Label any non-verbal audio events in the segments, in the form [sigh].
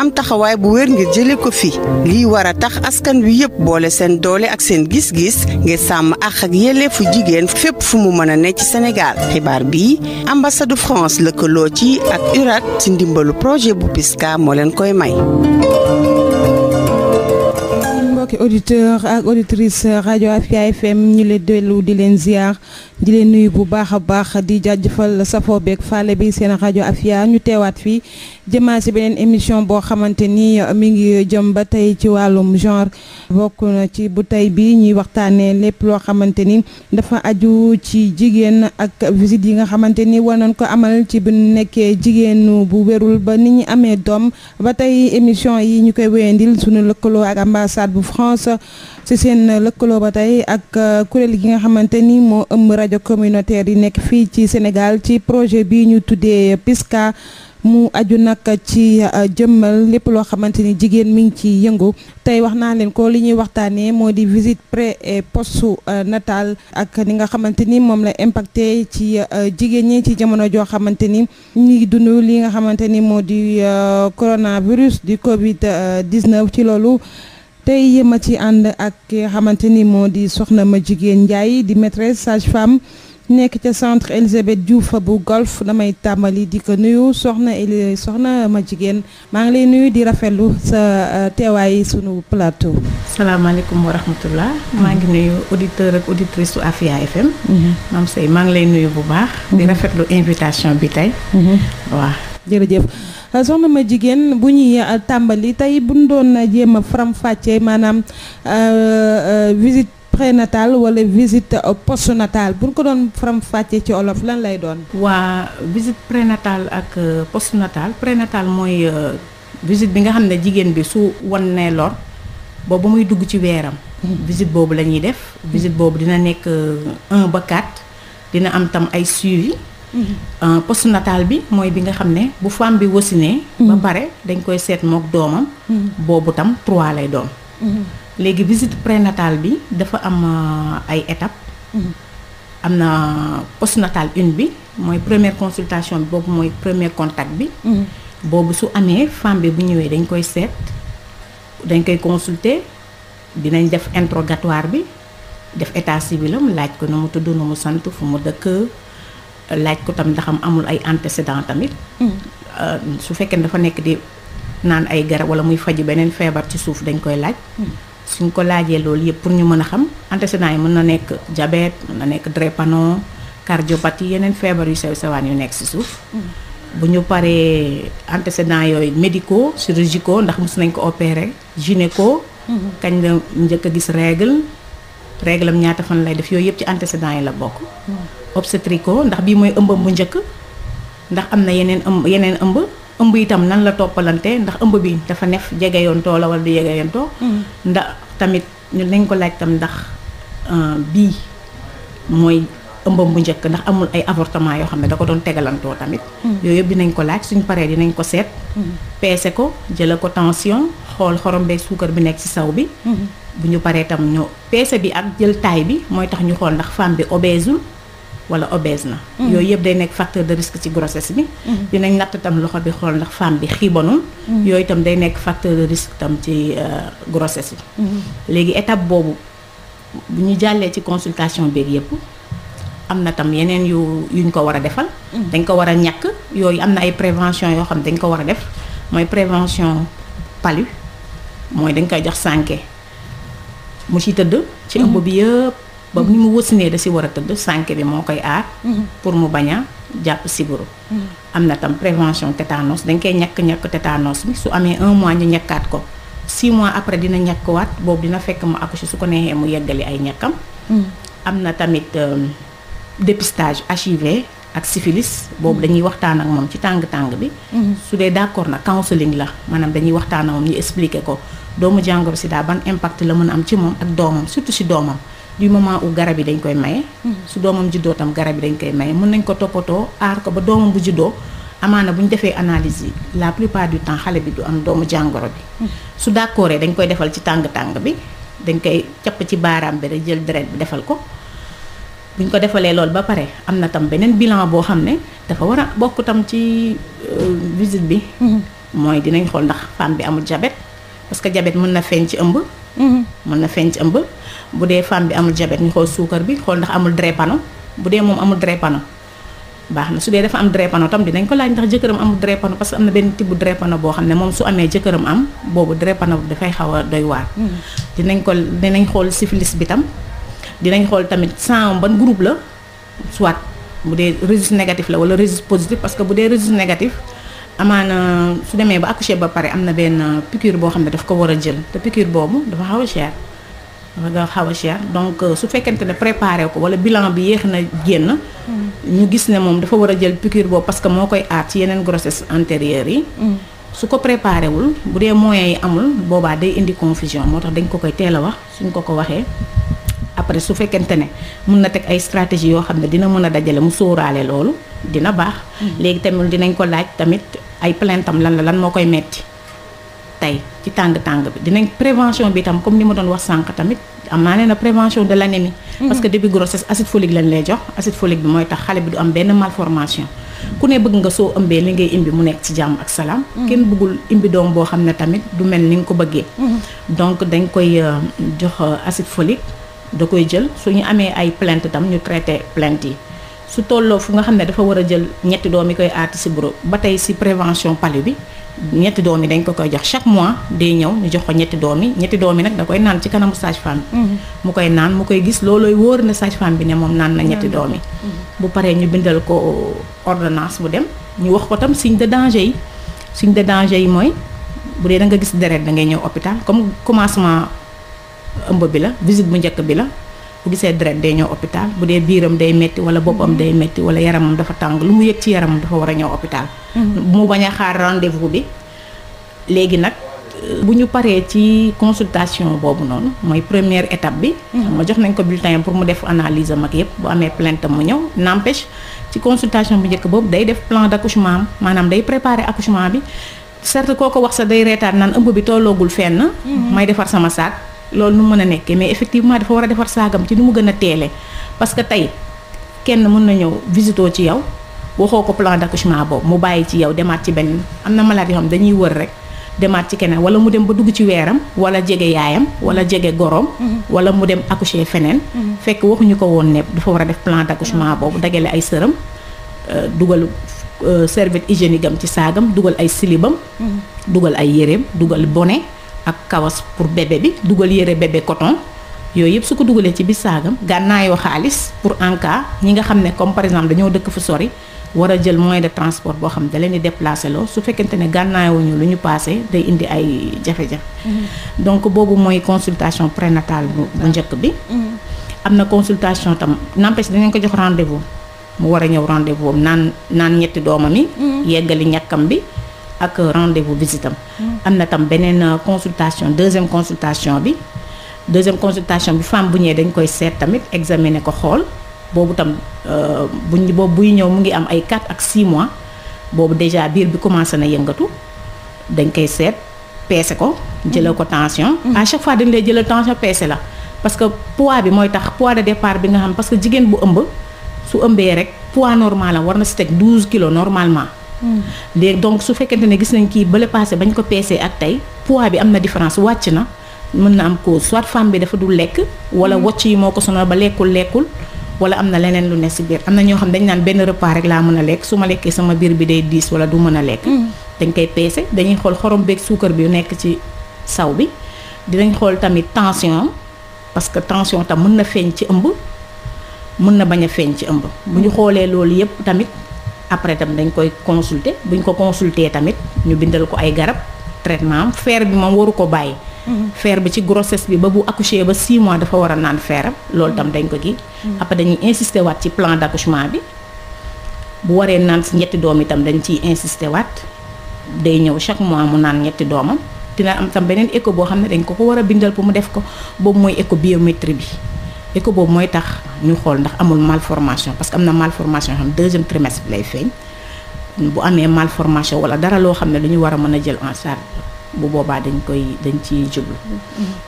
am taxawaay bu wér ngir jële ko fi lii war a tax askan wi yëpp boole seen doole ak seen gis-gis ngir sàmm àq ak yelleefu jigéen fépp fu mu mën a ne ci Sénégal xibaar bi ambassade France lëkkaloo ci ak URAT ci ndimbalu projet bu PISCA moo leen koy may. mbokki auditeur auditrice rajo Afia ñu leen dellu di leen ziar. di leen nuyu bu baax a baax di jaajëfal safoo beeg faale bi seen rajo Afia ñu teewaat fii jëmaa si beneen émission boo xamante ni uh, mi ngi jëm ba tey ci wàllum genre bokk na ci bu tey bi ñuy waxtaanee lépp loo xamante ni dafa aju ci jigéen ak visite yi nga xamante ni war nañ ko amal ci bu nekkee jigéenu bu wérul ba ni ñu amee doom ba tey émission yi ñu koy wéyandil suñu lëkkaloo ak ambassade bu France ci seen lëkkaloo ba tey ak euh, kuréel gi nga xamante ni moo ëmb rajo communautaire yi nekk fii ci Sénégal ci projet bi ñu tuddee PISCA mu aju nag ci euh, jëmmal lépp loo xamante ni jigéen mi ngi ci yëngu tey wax naa leen ko li ñuy waxtaanee moo di visite pré e postu euh, nataal ak ni nga xamante ni moom la impacté ci jigéen ñi ci jamono joo xamante ni ñuy dund li nga xamante ni moo di coronavirus di Covid 19 ci loolu. tey ma ci ànd ak ki nga xamante ni moo di soxna ma jigéen Ndiaye di maîtresse sage-femme nekk ca centre Elisabeth Diouf bu golf damay tàmbali di ko nuyu soxna Eli soxna ma jigéen maa ngi lay nuyu di rafetlu sa euh, teewaay sunu plateau. salaamaaleykum wa rahmatullah maa ngi nuyu auditeur ak auditrice su Afia FM. Mhm. maa ngi lay nuyu bu baax. di mhm. rafetlu invitation bi tey. Mhm. waaw Euh, soxna ma jigéen bu ñuy euh, tàmbali tey buñ doon euh, jéem a faram-fàccee maanaam visite prénatale wala visite postnatale buñ ko doon faram-fàccee ci olof lan lay doon. waa pre nataal ak nataal pre nataal mooy visite bi nga xam ne jigéen bi su wan nee lor boobu muy dugg ci weeram. Mm-hmm. visite boobu lañuy def. visite boobu dina nekk un ba quatre dina am tam ay suivi. Euh, nataal bi mooy bi nga xam ne bu femme bi wasinee mm-hmm. ba pare dañ koy seet mook doomam mm-hmm. boobu tam trois lay doom mm-hmm. léegi visite nataal bi dafa am euh, ay étap am na postnatal une bi mooy première consultation bi boobu mooy premier contact bi boobu su amee femme bi bu ñëwee dañ koy seet dañ koy consulter dinañ def interrogatoire bi def état civil laaj ko nu mu tudd nu mu sant fu mu dëkk laaj ko tamit ndax amul ay antécédent tamit. Hmm. Euh, su fekkee dafa nekk di naan ay garab wala muy faji beneen feebar ci suuf dañ koy laaj. Hmm. suñ ko laajee loolu yëpp pour ñu mën a xam antécédent yi mën na nekk diabète mën na nekk drépano cardiopathie yeneen feebar yu sew yu nekk si suuf. Hmm. bu ñu paree antécédent yooyu médicaux chirurgicaux ndax mus nañ ko opérer gynéco. kañ la njëkk a gis règle. réglam ñaata fan lay def yooyu yëpp ci antécédent yi la bokk. Hmm. obstétrico ndax bii mooy ëmbam bu njëkk ndax am na yeneen ëmb yeneen ëmb ëmb itam nan la toppalante ndax ëmb bi dafa nef jegeyoontoo la wala du jegeyoontoo hmm. ndax tamit ñu nañ ko laaj tam ndax euh, bii mooy ëmbam bu njëkk ndax amul ay avortement yoo xam ne da ko doon tegalantoo tamit hmm. yooyu yëpp dinañ ko laaj suñ paree dinañ ko seet hmm. peese ko jëla ko tension xool xorom beeg suukar bi nekk ci saw bi hmm. bu ñu paree tam ñu peese bi ak jël taay bi mooy tax ñu xool ndax femme bi obèseul wala obèse na yooyu yëpp day nekk facteur de risque ci grossesse bi dinañ natt tam loxo bi xool ndax femme bi xiibanul yooyu itam day nekk facteur de risque tam ci euh, grossesse bi léegi étape boobu bu ñu jàllee ci consultation beeg yëpp am na tam yeneen yu yuñ ko war a defal. Mm-hmm. dañ ko war a ñàkk yooyu am na ay prévention yoo xam dañ ko war a def mooy prévention palu mooy dañ koy jox sànke mu ci tëdd. ci ëmb bi mm-hmm. yëpp. ba ni mu wësinee da si war a tëdd sànke bi moo koy aar. Mm-hmm. pour mu bañ a jàpp sibiru. am na tam prévention tétanos dañ koy ñàkk ñàkk tétanos bi su amee un mois ñu ñàkkaat ko. six mois après dina waat boobu dina fekk mu akku si su ko neexee mu yeggali ay ñàkkam. am na tamit. Euh, dépistage HIV ak syphilis boobu dañuy waxtaan ak moom ci tàng-tàng bi mhm. su dee d'accord nag counseling la maanaam dañuy waxtaan ak moom ñu expliquer ko doomu jàngoro sida ban impact la mën a am ci moom ak doomam surtout si doomam du moment garab yi dañ koy maye mhm. su doomam juddoo tam garab yi dañ koy maye mën nañ ko toppatoo aar ko ba doomam bu juddoo amaana bu ñu defee analyse yi la plupart du temps xale bi du am doomu jàngoro bi mhm. su d'accordee dañ koy defal ci tàng-tàng bi dañ koy capp ci baaraam bi rek jël deret bi defal ko buñ ko defalee loolu ba pare am na tam beneen bilan boo xam ne dafa war a bokk tam ci euh, visite bi. Mm-hmm. mooy dinañ xool ndax femme bi amul jabet parce que jabet mën na feeñ ci ëmb. Mm-hmm. mën na feeñ ci ëmb bu dee femme bi amul jabet ñu xool suukar bi xool ndax amul drépano bu dee moom amul drépano baax na su dee dafa am drépano tam dinañ ko laaj ndax jëkkëram amul drépano parce que am na benn tibb drépano boo xam ne moom su amee jëkkëram am boobu drépano bi dafay xaw a doy waar. Mm-hmm. dinañ ko dinañ xool syphilis bi dinañ xool tamit sang ban groupe la soit bu dee rhésus négatif la wala rhésus positif parce que bu dee rhésus négatif amaana su demee ba accoucher ba pare am na benn piqûre boo xam ne daf ko war a jël te piqûre boobu dafa xaw a cher dafa xaw cher donc euh, su fekkente ne préparé ko wala bilan bi yéex na génn. Hmm. ñu gis ne moom dafa war a jël piqûre boobu parce que moo koy aar ci yeneen grossesse antérieures yi. Hmm. su ko préparé wul bu dee moyens yi amul boobaa day indi confusion moo tax dañ ko koy teel a wax suñ ko ko waxee. après su fekkente ne mun na teg ay stratégie yoo xam ne dina mën a dajale mu sóoraale loolu dina baax. Mm-hmm. léegi tamit dinañ ko laaj tamit ay plaintam lan la lan moo koy metti tey ci tàng tàng bi dinañ prévention bi tam comme ni ma doon wax sànq tamit am naa ne na prévention de l'anémie. Mm-hmm. parce que début grossesse acide folique lañ lay jox acide folique bi mooy tax xale bi du am benn malformation. ku ne bëgg nga soo ëmbee li ngay imbi mu nekk ci jàmm ak salaam. Mm-hmm. kenn bëggul imbi doom boo xam ne tamit du mel ni nga ko bëggee. donc dañ koy euh, jox euh, acide da koy jël su ñu amee ay plainte tam ñu traité plainte yi su tolloo fu nga xam ne dafa war a jël ñetti doom yi koy aati si bureau ba tey si prévention palu bi ñetti doom yi dañ ko koy jox chaque mois de ñëw ñu jox ko ñetti doom yi ñetti doom yi nag da koy naan ci kanamu sage-femme mm-hmm. mu koy naan mu koy gis loolooy wóor na sage-femme bi ne moom naan na ñetti doom yi mm-hmm. bu paree ñu bindal ko ordonnance bu dem ñu wax ko tam siñ de danger yi siñ de danger yi mooy bu dee da nga gis deret da ngay ñëw hôpital comme commencement ëmb bi la visite bu njëkk bi la bu gisee deret day ñëw hôpital bu dee biiram day metti wala boppam day metti wala yaramam dafa tàng lu mu yëg ci yaramam dafa war a ñëw hôpital mhm. mu bañ a xaar rendez-vous bi léegi nag bu ñu paree ci consultation boobu noonu mooy première étape bi mhm. ma jox nañ ko bulletin pour mu def analyse am ak yëpp bu amee plainte mu ñëw n'empêche ci consultation bu njëkk boobu day def plan d'accouchement am maanaam day préparer accouchement bi certes kooko wax sa day reetaan naan ëmb bi tolloogul fenn mhm. may defar sama saak loolu nu mën a nekkee mais effectivement dafa war a defar saagam ci nu mu gën a teelee parce que tey kenn mën na ñëw visitoo ci yow waxoo ko plan d'accouchement boobu mu bàyyi ci yow demaat ci benn am na malade yoo xam dañuy wër rek demaat ci keneen wala mu dem ba dugg ci weeram wala jege yaayam wala jege goroom mm-hmm. wala mu dem accoucher feneen mm-hmm. fekk waxuñu ko woon ne dafa war a def plan d'accouchement mm-hmm. boobu dagale ay sëram euh, dugal euh, serviette hygiénique am ci saagam dugal ay silibam dugal ay yéreem dugal bonnet ak kawas pour bébé bi dugal yëre bébé coton yooyu yëpp su ko dugalee ci biir saagam gànnaayoo xaalis pour en cas ñi nga xam ne comme par exemple dañoo dëkk fu sori war a jël moyen de transport boo xam ne da leen di déplacé loo su fekkente ne gànnaayuñu lu ñu paase day indi ay jafe-jafe. Mm-hmm. donc boobu mooy consultation prénatale bu bu njëkk bi. Mm-hmm. am na consultation tam n'empêche dinañ ko jox rendez mu war a ñëw rendez naan naan ñetti doomam yi. Mm-hmm. yeggali ñàkkam bi. ak rendez-vous visitam am na tam beneen euh, consultation deuxième consultation bi deuxième consultation bi femme bu ñëwee dañ koy seet tamit examiner ko xool boobu tam euh, buñ boobu buy ñëw mu ngi am ay 4 ak 6 mois boobu déjà biir bi commencé na yëngatu dañ koy seet peese ko jëlal ko tension mm-hmm. à chaque fois dañ lay jëlal tension peese la parce que poids bi mooy tax poids de départ bi nga xam parce que jigéen bu ëmb su ëmbee rek poids normal war na si teg 12 kilos normalement léegi mm. donc su fekkente ne gis nañ kii bële passé bañ ko peesee ak tey poids bi am na différence wàcc na mën na am cause soit femme bi dafa dul lekk wala mm. wocc yi moo ko sonal ba lekkul lekkul wala am na leneen lu ne ci biir am na ñoo xam dañ naan benn repas rek laa mën a lekk su ma lekkee sama biir bi day diis wala du mën a lekk mm. dañ koy peese dañuy xool xorom beeg suukar bi yu nekk ci saw bi dinañ xool tamit tension parce que tension tam mën na feeñ ci ëmb mën na bañ a feeñ ci ëmb bu xoolee loolu yépp tamit après itam dañ koy consulter ñu ko consulter tamit ñu bindal ko ay garab traitement feer fer bi moom waru ko bàyyi. Mhm. feer bi ci grossesse bi ba bu accoucher ba 6 mois dafa war a naan feeram loolu tam dañ ko gi mhm. après dañuy insister waat ci plan d'accouchement bi bu waree naan si ñetti doom itam dañ ciy insister waat day ñëw chaque mois mu naan ñetti doomam dina am tam beneen écho boo xam ne dañ ko ko war a bindal pour mu def ko boobu mooy écho biométrie bi. écho boobu mooy tax ñu xool ndax amul mal formation parce que am na malformation yoo xam deuxième trimestre bi lay feeñ bu amee mal formation wala dara loo xam ne dañu war a mën a jël en charge bu boobaa dañ koy dañ ci jublu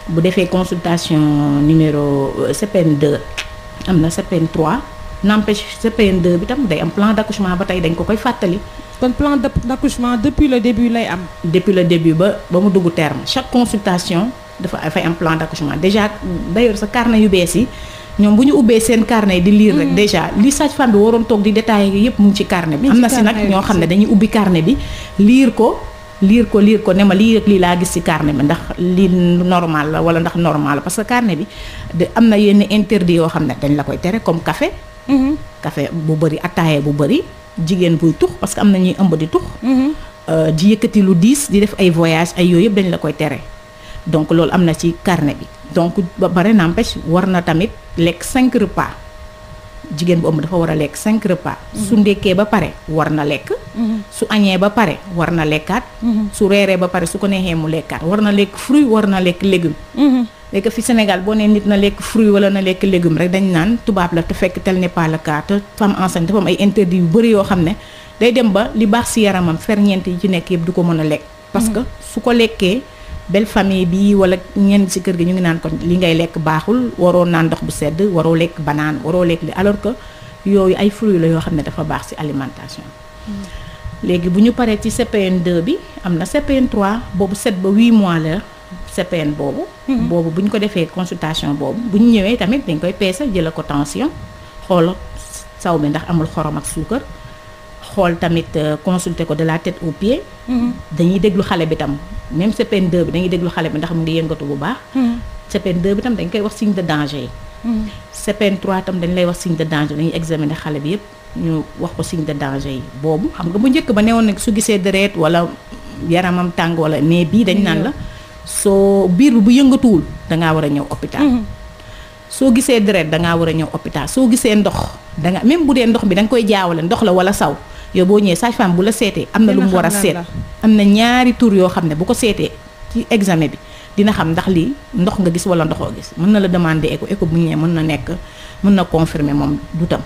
bu defee consultation numéro euh, CPN2 am na CPN3 n'empêche CPN2 bi tam day am plan d'accouchement ba tey dañ ko koy fàttali kon plan d'accouchement depuis le début lay am depuis le début ba ba mu dugg terme chaque consultation dafa dafay am plan d'accouchement déjà d'ailleurs sa carnet yu bees yi ñoom bu ñu ubbee seen carnet di liir rek mm-hmm. déjà li sage-femme bi waroon toog di yi yépp mu ngi ci carnet bi am na si ñoo xam ne dañuy ubbi carnet bi lire ko liir ko liir ko ne ma lii lii laa gis ci carnet bi ndax lii normal la wala ndax normal parce que carnet bi de am na yenn interdit yoo xam ne dañ la koy tere comme kafe mm-hmm. café bu bëri ataaya bu bëri jigéen buy tux parce que am na ñuy ëmb di tux mm-hmm. euh, di yëkkati lu diis di def ay voyage ay yooyu yëpp dañ la koy tere donc loolu am na ci carnet bi donc ba pare n'empêche war na tamit lekk cinq repas jigéen bu ëmb dafa war a lekk cinq repas mhm. su ndekkee ba pare war na lekk mhm. su añee ba pare war na lekkaat mhm. su reeree ba pare su ko neexee mu lekkaat war na lekk fruit war na lekk légume léegi fi Sénégal boo nee nit na lekk fruit wala na lekk légume rek dañ naan tubaab la te fekk tel n'est pas le cas te femme enceinte dafa am ay interdit yu bëri yoo xam ne day dem ba li baax si yaramam ferñeent yi ci nekk yëpp du ko mën a lekk belle famille bi wala ñenn ci kër gi ñu ngi naan ko li ngay lekk baaxul waroon naan ndox bu sedd waroo lekk banaan waroo lekk li alors que yooyu ay fruits la yoo xam ne dafa baax ci alimentation mm. léegi bu ñu paree ci CPN 2 bi am na CPN 3 boobu 7 ba 8 mois la CPN boobu mm-hmm. boobu bu ñu ko defee consultation boobu bu ñu ñëwee tamit dañ koy peese jëla ko tension xool saw bi ndax amul xorom ak suukar xool tamit euh, consulter ko de la tête au pieds mm-hmm. dañuy déglu xale bi tam même CPN2 bi dañuy déglu xale bi ndax mu ngi yëngatu bu baax mm-hmm. CPN2 bi tam dañ koy wax signe de danger yi mm-hmm. CPN3 tam dañ lay wax signe de danger dañuy examiner xale bi yëpp ñu wax ko signe de danger yi boobu xam nga bu njëkk ba newoon nag su gisee deret wala yaramam tàng wala mais bii dañ naan la soo biir bu yëngatuwul dangaa war a ñëw hôpital soo gisee deret dangaa war a ñëw hôpital soo gisee ndox danga même bu dee ndox bi da koy jaawale ndox la wala saw yow boo ñëwee sage-femme bu la seetee am na lu mu war a seet am na ñaari tur yoo xam ne bu ko seetee ci examen bi dina xam ndax lii ndox nga gis wala ndoxoo gis mën na la demander écho écho bu ñu nee mën na nekk mën na confirmer moom dutam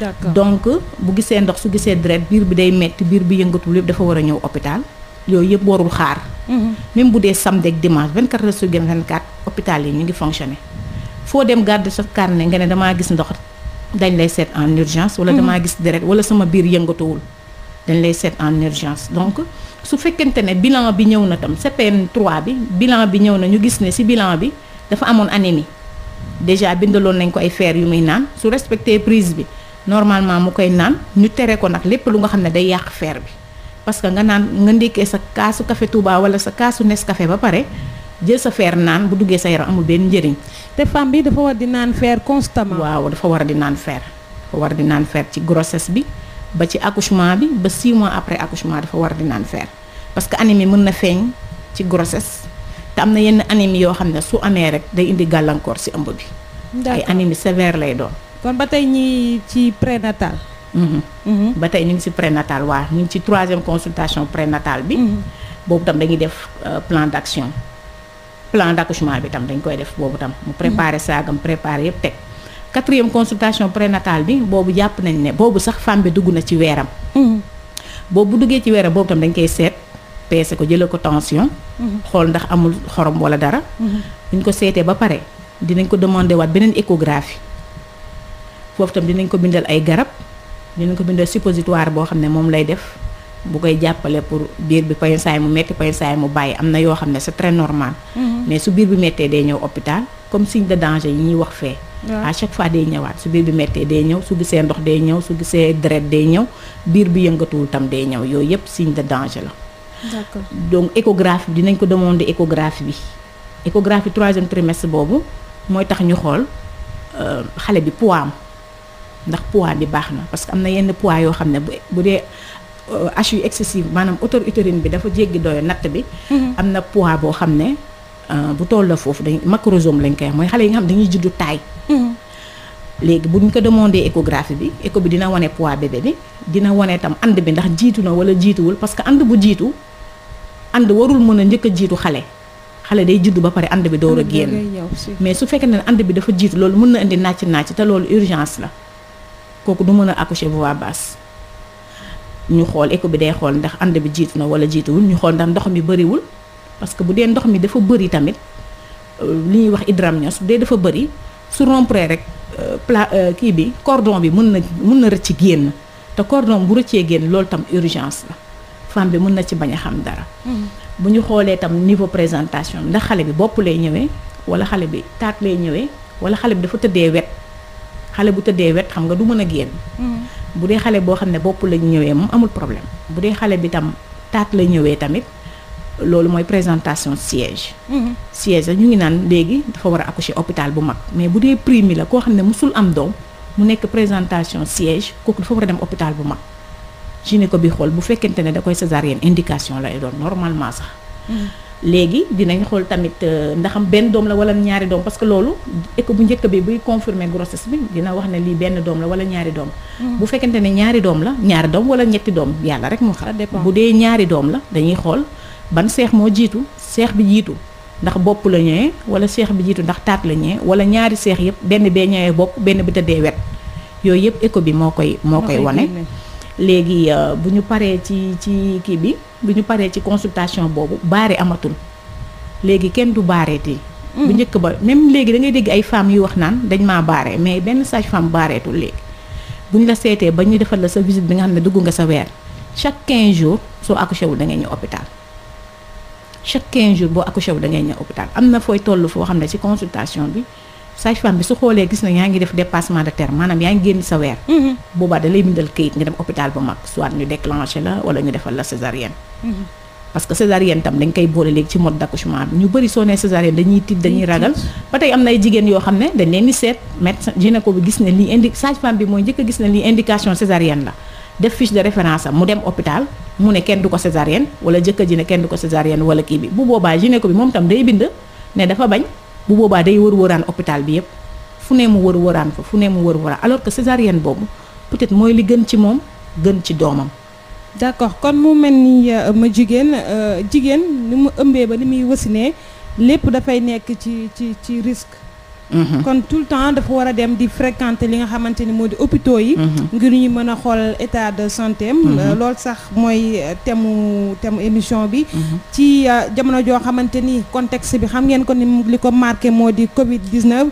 d'accord donc bu gisee ndox su gisee deret biir bi day metti biir bi yëngatul lépp dafa war a ñëw hôpital yooyu yëpp warul xaar mm-hmm. même bu dee samedi ak dimanche 24 heures sur 24 hôpital yi ñu ngi fonctionner foo dem garde sa carnet nga ne damaa gis ndox dañ lay seet en urgence wala damaa gis deret wala sama biir yëngatuwul dañ lay seet en urgence donc su fekkente ne bilan bi ñëw na tam CPN 3 bi bilan bi ñëw na ñu gis ne ci bilan bi dafa amoon anémie déjà bindaloon nañ ko ay fer yu muy naan su respecté prise bi normalement mu koy naan ñu tere ko nag lépp lu nga xam ne day yàq feer bi parce que nga naan nga ndékkee sa kaasu kafe Touba wala sa kaasu nes Nescafé ba pare jël sa feer naan bu duggee sa yaram amul benn njëriñ. te femme bi dafa war di naan feer constamment. waaw dafa war di naan feer dafa war di naan feer ci grossesse bi ba ci accouchement bi ba 6 mois après accouchement dafa war di naan feer parce que anémie mën na feeñ ci grossesse te am na yenn anémie yoo xam ne su amee rek day indi gàllankoor si ëmb bi. ay anémie sévère lay doon. kon ba tey ñii ci prénatal. Mhm. Mhm. ba tey ñu ngi si prénatal waa ñu ngi ci troisième consultation prénatal bi. Mhm. boobu tam dañuy def euh, plan d' action. plan d'accouchement bi tam dañ koy def boobu tam mu préparer saagam préparer yëpp teg quatrième consultation prénatale bi boobu jàpp nañ ne boobu sax femme bi dugg na ci weeram mm-hmm. boobu bu duggee ci weeram boobu tam dañ koy seet peese ko jëlee ko tension mm-hmm. xool ndax amul xorom wala dara mm-hmm. buñ ko seetee ba pare dinañ ko demande waat beneen échographie foofu tam dinañ ko bindal ay garab dinañ ko bindal suppositoire boo xam ne moom lay def bu koy jàppale pour biir bi payen saay mu metti payen mu bàyyi am na yoo xam ne c'est très normal mhm. mais su biir bi mettee day ñëw hôpital comme signe de danger yi ñuy wax fee à chaque fois day ñëwaat su biir bi mettee day ñëw su gisee ndox day ñëw su gisee deret day ñëw biir bi yëngatuwul tam day ñëw yooyu yëpp signe de danger la donc échographie bi dinañ ko demoon demander échographie bi échographie troisième trimestre boobu mooy tax ñu xool euh, xale bi poids am bi baax na HU euh, excessive maanaam hauteur utérine bi dafa jéggi doyo natt bi mm-hmm. am na pois boo xam ne euh, bu tolloo foofu dañ macrosome lañ koy wax mooy xale yi nga xam dañuy juddu taay mm-hmm. léegi bu ñu ko demandé échographie bi écho bi dina wane poids bébé bi dina wane tam and bi ndax jiitu na wala jiituwul parce que and bu jiitu and warul mën a njëkk jiitu xale xale day juddu ba pare ànd bi door a génn mais su fekkee ne ànd bi dafa jiitu loolu mën na indi nàcc nàcc te loolu urgence la ñu xool eco bi day xool ndax ànd bi jiitu na wala jiituwul ñu xool ndax ndox mi bëriwul parce que bu dee ndox mi dafa bëri tamit euh, li ñuy wax idram hydramnios su dee dafa bëri su rompre rek euh, pla euh, kii bi cordon bi mën na mën na rëcc génn te cordon bu rëccee génn loolu tam urgence la femme bi mun na ci bañ a xam dara. Mm-hmm. bu ñu xoolee tam niveau présentation ndax xale bi bopp lay ñëwee wala xale bi taat lay ñëwee wala xale bi dafa tëddee wet xale bu tëddee wet xam nga du mën a génn. Mm-hmm. bu dee xale boo xam ne bopp lañ ñëwee moom amul problème bu dee xale bi tam taat la ñëwee tamit loolu mooy présentation siège mhm. siège ñu ngi naan léegi dafa war a accoucher hôpital bu mag mais bu dee primi la koo xam ne mosul am doom mu nekk présentation siège kooku dafa war a dem hôpital bu mag ko bi xool bu fekkente ne da koy césarienne indication lay doon normalement sax mhm. léegi dinañ xool tamit euh, ndaxam benn doom la wala ñaari doom parce que loolu écho bu njëkk bi buy confirmer grossesse bi dina wax ne lii benn doom la wala ñaari doom hmm. bu fekkente ne ñaari doom la ñaari doom wala ñetti doom yàlla rek moo xam bu dee ñaari doom la dañuy xool ban seex moo jiitu seex bi jiitu ndax bopp la ñëwee wala seex bi jiitu ndax taat la ñëwee wala ñaari seex yëpp benn bee ñëwee bopp benn bi tëddee wet yooyu yëpp écho bi moo koy moo koy wane léegi euh, bu ñu paree ci ci kii bi bi ñu paree ci consultation boobu baare amatul léegi kenn du baareeti. Mm. bu njëkk ba même léegi da ngay dégg ay femmes yu wax naan dañ maa baare mais benn sage-femme baareetul léegi. bu ñu la seetee ba ñu defal la sa visite bi nga xam ne dugg nga sa weer chaque 15 jours soo accouché wu da ngay ñëw hôpital chaque 15 jours boo accouché wu da ngay ñëw hôpital am na fooy toll foo xam ne ci consultation bi. sage-femme bi su xoolee gis na yaa ngi def dépassement de terme maanaam yaa ngi génn sa weer mhm. boobaa da lay bindal këyit nga dem hôpital bu mag soit ñu déclenché la mhm. tam dañ koy boole léegi ci mode d'accouchement ñu bëri soo nee césarienne dañuy tiit dañuy ragal ba tey yoo xam ne dañ leen di seet médecin gis ne lii indi sage bi mooy njëkk a gis ne lii indication césarienne la def fiche mu dem hôpital mu ne kenn du ko césarienne wala jëkkër ji ne kenn du ko césarienne wala kii bi bu boobaa gynéco bi moom tam day bind ne dafa bañ bu boobaa dey wër wëraan hôpital bi yëpp fu ne mu wër wëraan fa fu ne mu wër wëraan alors que césarienne boobu peut-être mooy li gën ci moom gën ci doomam. d'accord kon mu mel ni euh, ma jigéen euh, jigéen ni mu ëmbee ba ni muy wasinee lépp dafay nekk ci ci ci risque. Mm-hmm. kon tout le temps dafa war a dem di fréquenter li nga xamante ni moo di hôpitaux yi mm-hmm. ngir ñu mën a xool état de santé am mm-hmm. euh, loolu sax mooy euh, temu temu émission bi ci euh, jamono joo xamante ni contexte bi xam ngeen ko ni li ko marqué moo di covid 19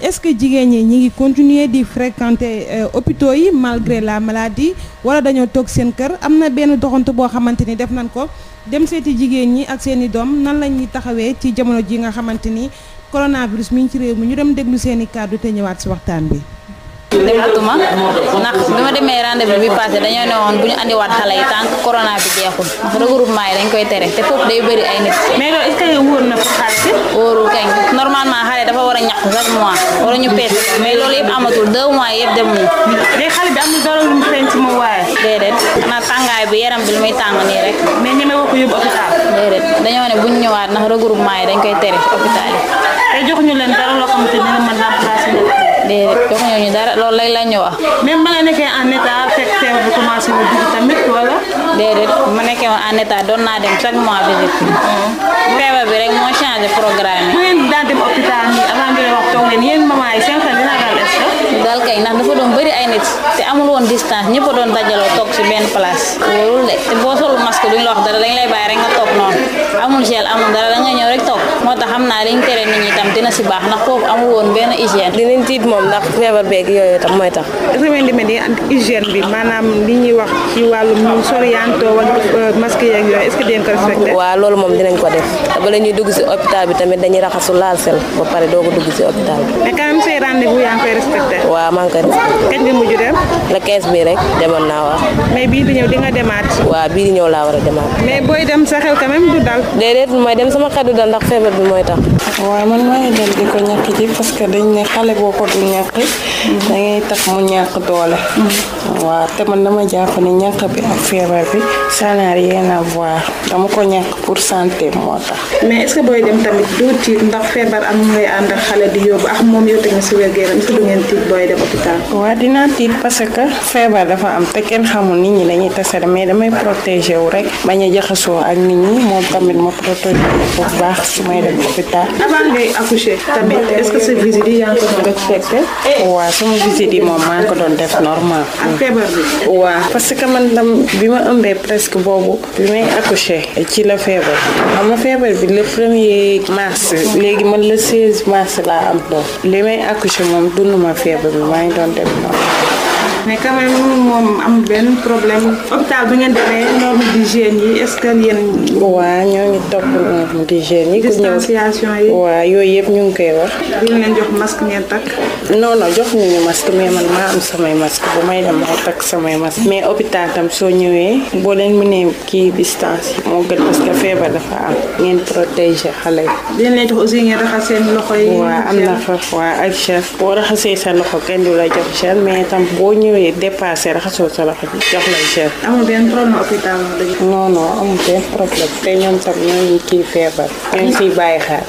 est-ce que jigéen ñi ñi ngi continuer di fréquenter hôpitaux yi malgré la maladie wala dañoo toog seen kër am na benn doxante boo xamante ni def nañ ko dem seeti jigéen ñi ak seen i doom nan la ñuy taxawee ci jamono ji nga xamante ni coronavirus mi ngi ci réew mi ñu dem déglu seeni i kàddu te ñëwaat si waxtaan bi. dematuma ndax bi ma demee rendez-vous bi passé dañoo ne woon bu ñu andiwaat xale yi tant yi dañ koy tere te foofu bëri ay nit. mais loolu est-ce que wóor na pour xale a a ñu pees mais loolu yëpp amatul deux mois yëpp demuñu. léegi xale bi tàngaay bi yaram bi muy tàng nii rek. mais dañoo ne bu ñu ñëwaat ndax regroupement yi dañ koy tere hôpital yi. te joxuñu leen dara loo xamante ne mën naa ñu dara loolu lay la ñu wax. même ba nga nekkee en état fekk feebar bi commencé wu dugg tamit wala. ma nekkee woon en doon naa dem a mois visite. Mm-hmm. feebar bi rek moo changé programme yi. bu daan dem hôpital yi avant ngeen wax toog leen yéen maman yi seen xel dina dal est-ce que. kay ndax dafa doon bëri ay nit te amul defoon distance ñëpp doon dajaloo toog ci benn place wóorul de te boo solu masque duñ la wax dara dañ lay bàyyi rek nga toog noonu amul gel amul dara da nga ñëw rek toog xam naa liñ dina ci baax ndax foofu amul woon benn hygiène dinañ tiit moom ndax feebar beeg yooyu tam mooy tax remédié ak hygiène bi maanaam li ñuy wax ci wàllum ñun soriantoo ak euh, masque yeeg yooyu est waaw loolu moom dinañ ko def bala ñuy dugg si hôpital bi tamit dañu raxasu laal sel ba pare dooga dugg ci hôpital bi mais quand même say rendez-vous yaa ngi koy respecté waaw maa ngi koy kañ nga mujj dem kees bi rek demoon naa waaw. mais bii di ñëw di demaat. waaw bii di ñëw laa war a demaat. mais booy dem sa xel quand même du dal. déedéet dem sama xel du dal ndax feebar bi mooy tax. waaw man dem di ko ñàkk ji parce que dañ ne xale boo ko du ñàkk. da ngay tax mu ñàkk doole. waa te man dama jàpp ne ñàkk bi ak feebar bi ça n'a rien dama ko ñàkk pour santé moo tax. mais est-ce booy dem tamit doo tiit ndax feebar am ngay ànd ak xale di yóbbu ak moom yow tamit si wér-gu-yaram est du ngeen tiit booy dem hôpital. waaw dinaa tiit parce que. feebar dafa am te kenn xamul nit ñi dañuy tasare mais damay protéger wu rek bañ a jaxasoo ak nit ñi moom tamit ma protéger bu baax su may dem hôpital. avant est-ce que sa visite yi yaa ngi ko sama visite yi moom maa ngi ko doon def normal. ak feebar bi. parce que man dam bi ma ëmbee presque boobu bi may accoucher ci la feebar xam nga feebar bi le premier mars léegi man la 16 mars laa am doom li may accoucher moom dund ma feebar bi maa ngi doon def normal. mais quand même moom am benn problème hôpital bi ngeen demee norme d'hygiène yi est-ce que yéen. ñoo ngi topp norme d'hygiène yi. distanciation yi waaw yooyu yëpp ñu ngi koy wax. di leen jox masque ngeen takk. non non jox ñu masque mais man maa am samay masque bu may dem maa takk samay masque mais hôpital soo ñëwee boo leen mënee kii distance yi moo gën parce que feebar dafa am ngeen protéger xale yi. di leen leen jox aussi seen loxo yi. waaw na fa waaw ak gel boo raxasee sa loxo kenn du la jox gel mais tam boo ñëwee ñëwee dépassé raxasoo sa loxo bi jox lay gel. amul benn problème hôpital moom non non amul benn problème te ñoom tam ñoo ñu feebar. ñoo ñu ciy xaar.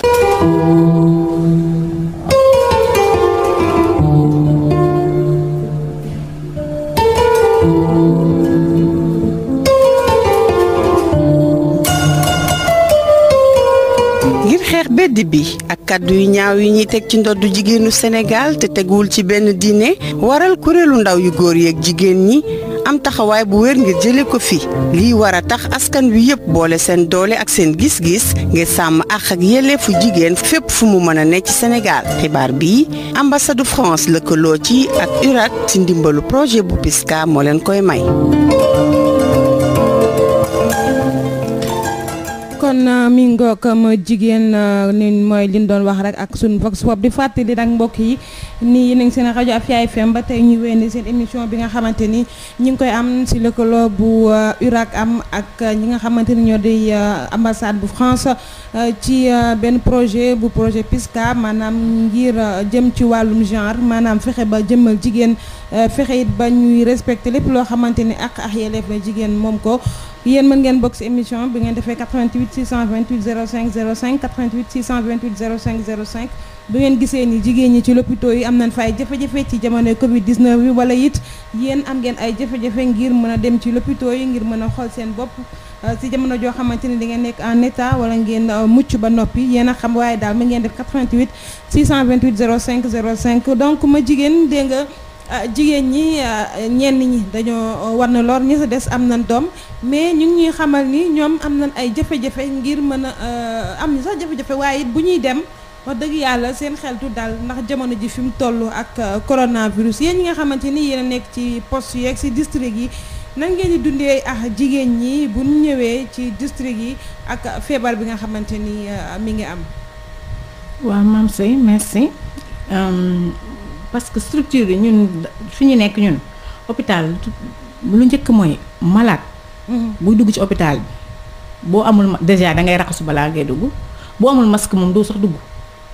xeex bedd bi ak kàddu yu ñaaw yi ñuy teg ci ndoddu jigéenu senegaal te teguwul ci benn diine waral kuréelu ndaw yu góor yeek jigéen ñi am taxawaay bu wér ngir jële ko fi lii war a tax askan wi yëpp boole seen doole ak seen gis-gis ngir sàmm àq ak yelleefu jigéen fépp fu mu mën a ne ci senegaal xibaar bi ambassade France lëkkaloo ci ak URAT ci ndimbalu projet bu PISCA moo leen koy may. kon ah, mi ngookam ah, jigéen ah, ni mooy liñ doon wax rek ak suñu vox pop di fàttali nag mbokk yi nii yéen a ngi seen rajo Afia ba tey ñu wéyandi seen émission bi nga xamante ni ñu ngi koy am si lëkkaloo bu URAC am ak ñi nga xamante ni ñoo di ambassade bu France ci benn projet bu projet PISCA maanaam ngir jëm ci wàllum genre maanaam fexe ba jëmmal jigéen fexe it ba ñuy respecté lépp loo xamante ni ak ak yelleef la jigéen moom ko yéen mën ngeen bokk si émission bi ngeen defee 88 628 05 05 88 628 05 05 bu ngeen gisee ni jigéen ñi ci lopito yi am nañ fa ay jafe-jafe ci jamono Covid 19 bi wala it yéen am ngeen ay jafe-jafe ngir mën a dem ci lopito yi ngir mën a xool seen bopp si euh, jamono joo xamante ni di ngeen nekk en état wala ngeen euh, mucc ba noppi yéen a xam waaye daal mën ngeen def 88 628 05 05 donc ma jigéen dégg nga. Ah, jigéen ñi ah, ñenn ñi dañoo war na lool ñi sa des am na doom mais ñu ngi ñuy xamal ni ñoom am nañ ay jafe-jafe ngir mën a ah, am sax jafe-jafe waaye it bu ñuy dem wax dëgg yàlla seen xel du dal ndax jamono ji fi mu toll ak coronavirus yéen ñi nga xamante ni yéen a nekk ci poste yeeg si district yi nan ngeen di dundee ak jigéen ñi bu ñëwee ci district yi ak feebar bi nga xamante ni mi ngi am. waaw maam Sey merci. Euh, parce que structure yi ñun fi ñu nekk ñun hôpital lu njëkk mooy malaat mm-hmm. buy dugg ci hôpital bi boo amul déjà da ngay raxasu balaa ngay dugg boo amul masque moom doo sax dugg.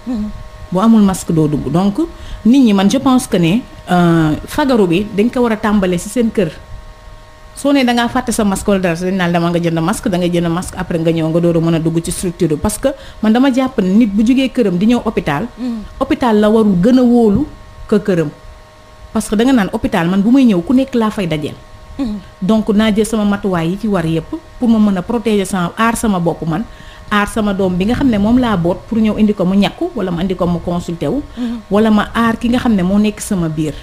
Mm-hmm. boo amul masque doo dugg donc nit ñi man je pense que ne euh, fagaru bi dañ ko war a tàmbale ci seen kër soo nee da fàtte sa masque wala dara dañ naan dama nga jënd masque dangay ngay jënd masque après nga ñëw nga door mën a dugg ci structure bi parce man dama jàpp nit bu jugee këram di ñëw hôpital. Mm-hmm. hôpital la warul gën a wóolu. que këram parce que danga naan hôpital man bu may ñëw ku nekk laa fay dajeel. Mm-hmm. donc naa jël sama matuwaay yi ci war yëpp pour ma mën a protéger sama aar sama bopp man aar sama doom bi nga xam ne moom laa boot pour ñëw indi ko mu ñàkku wala ma ko mu consulté wu. Mm-hmm. wala ma aar ki nga xam ne moo nekk sama biir.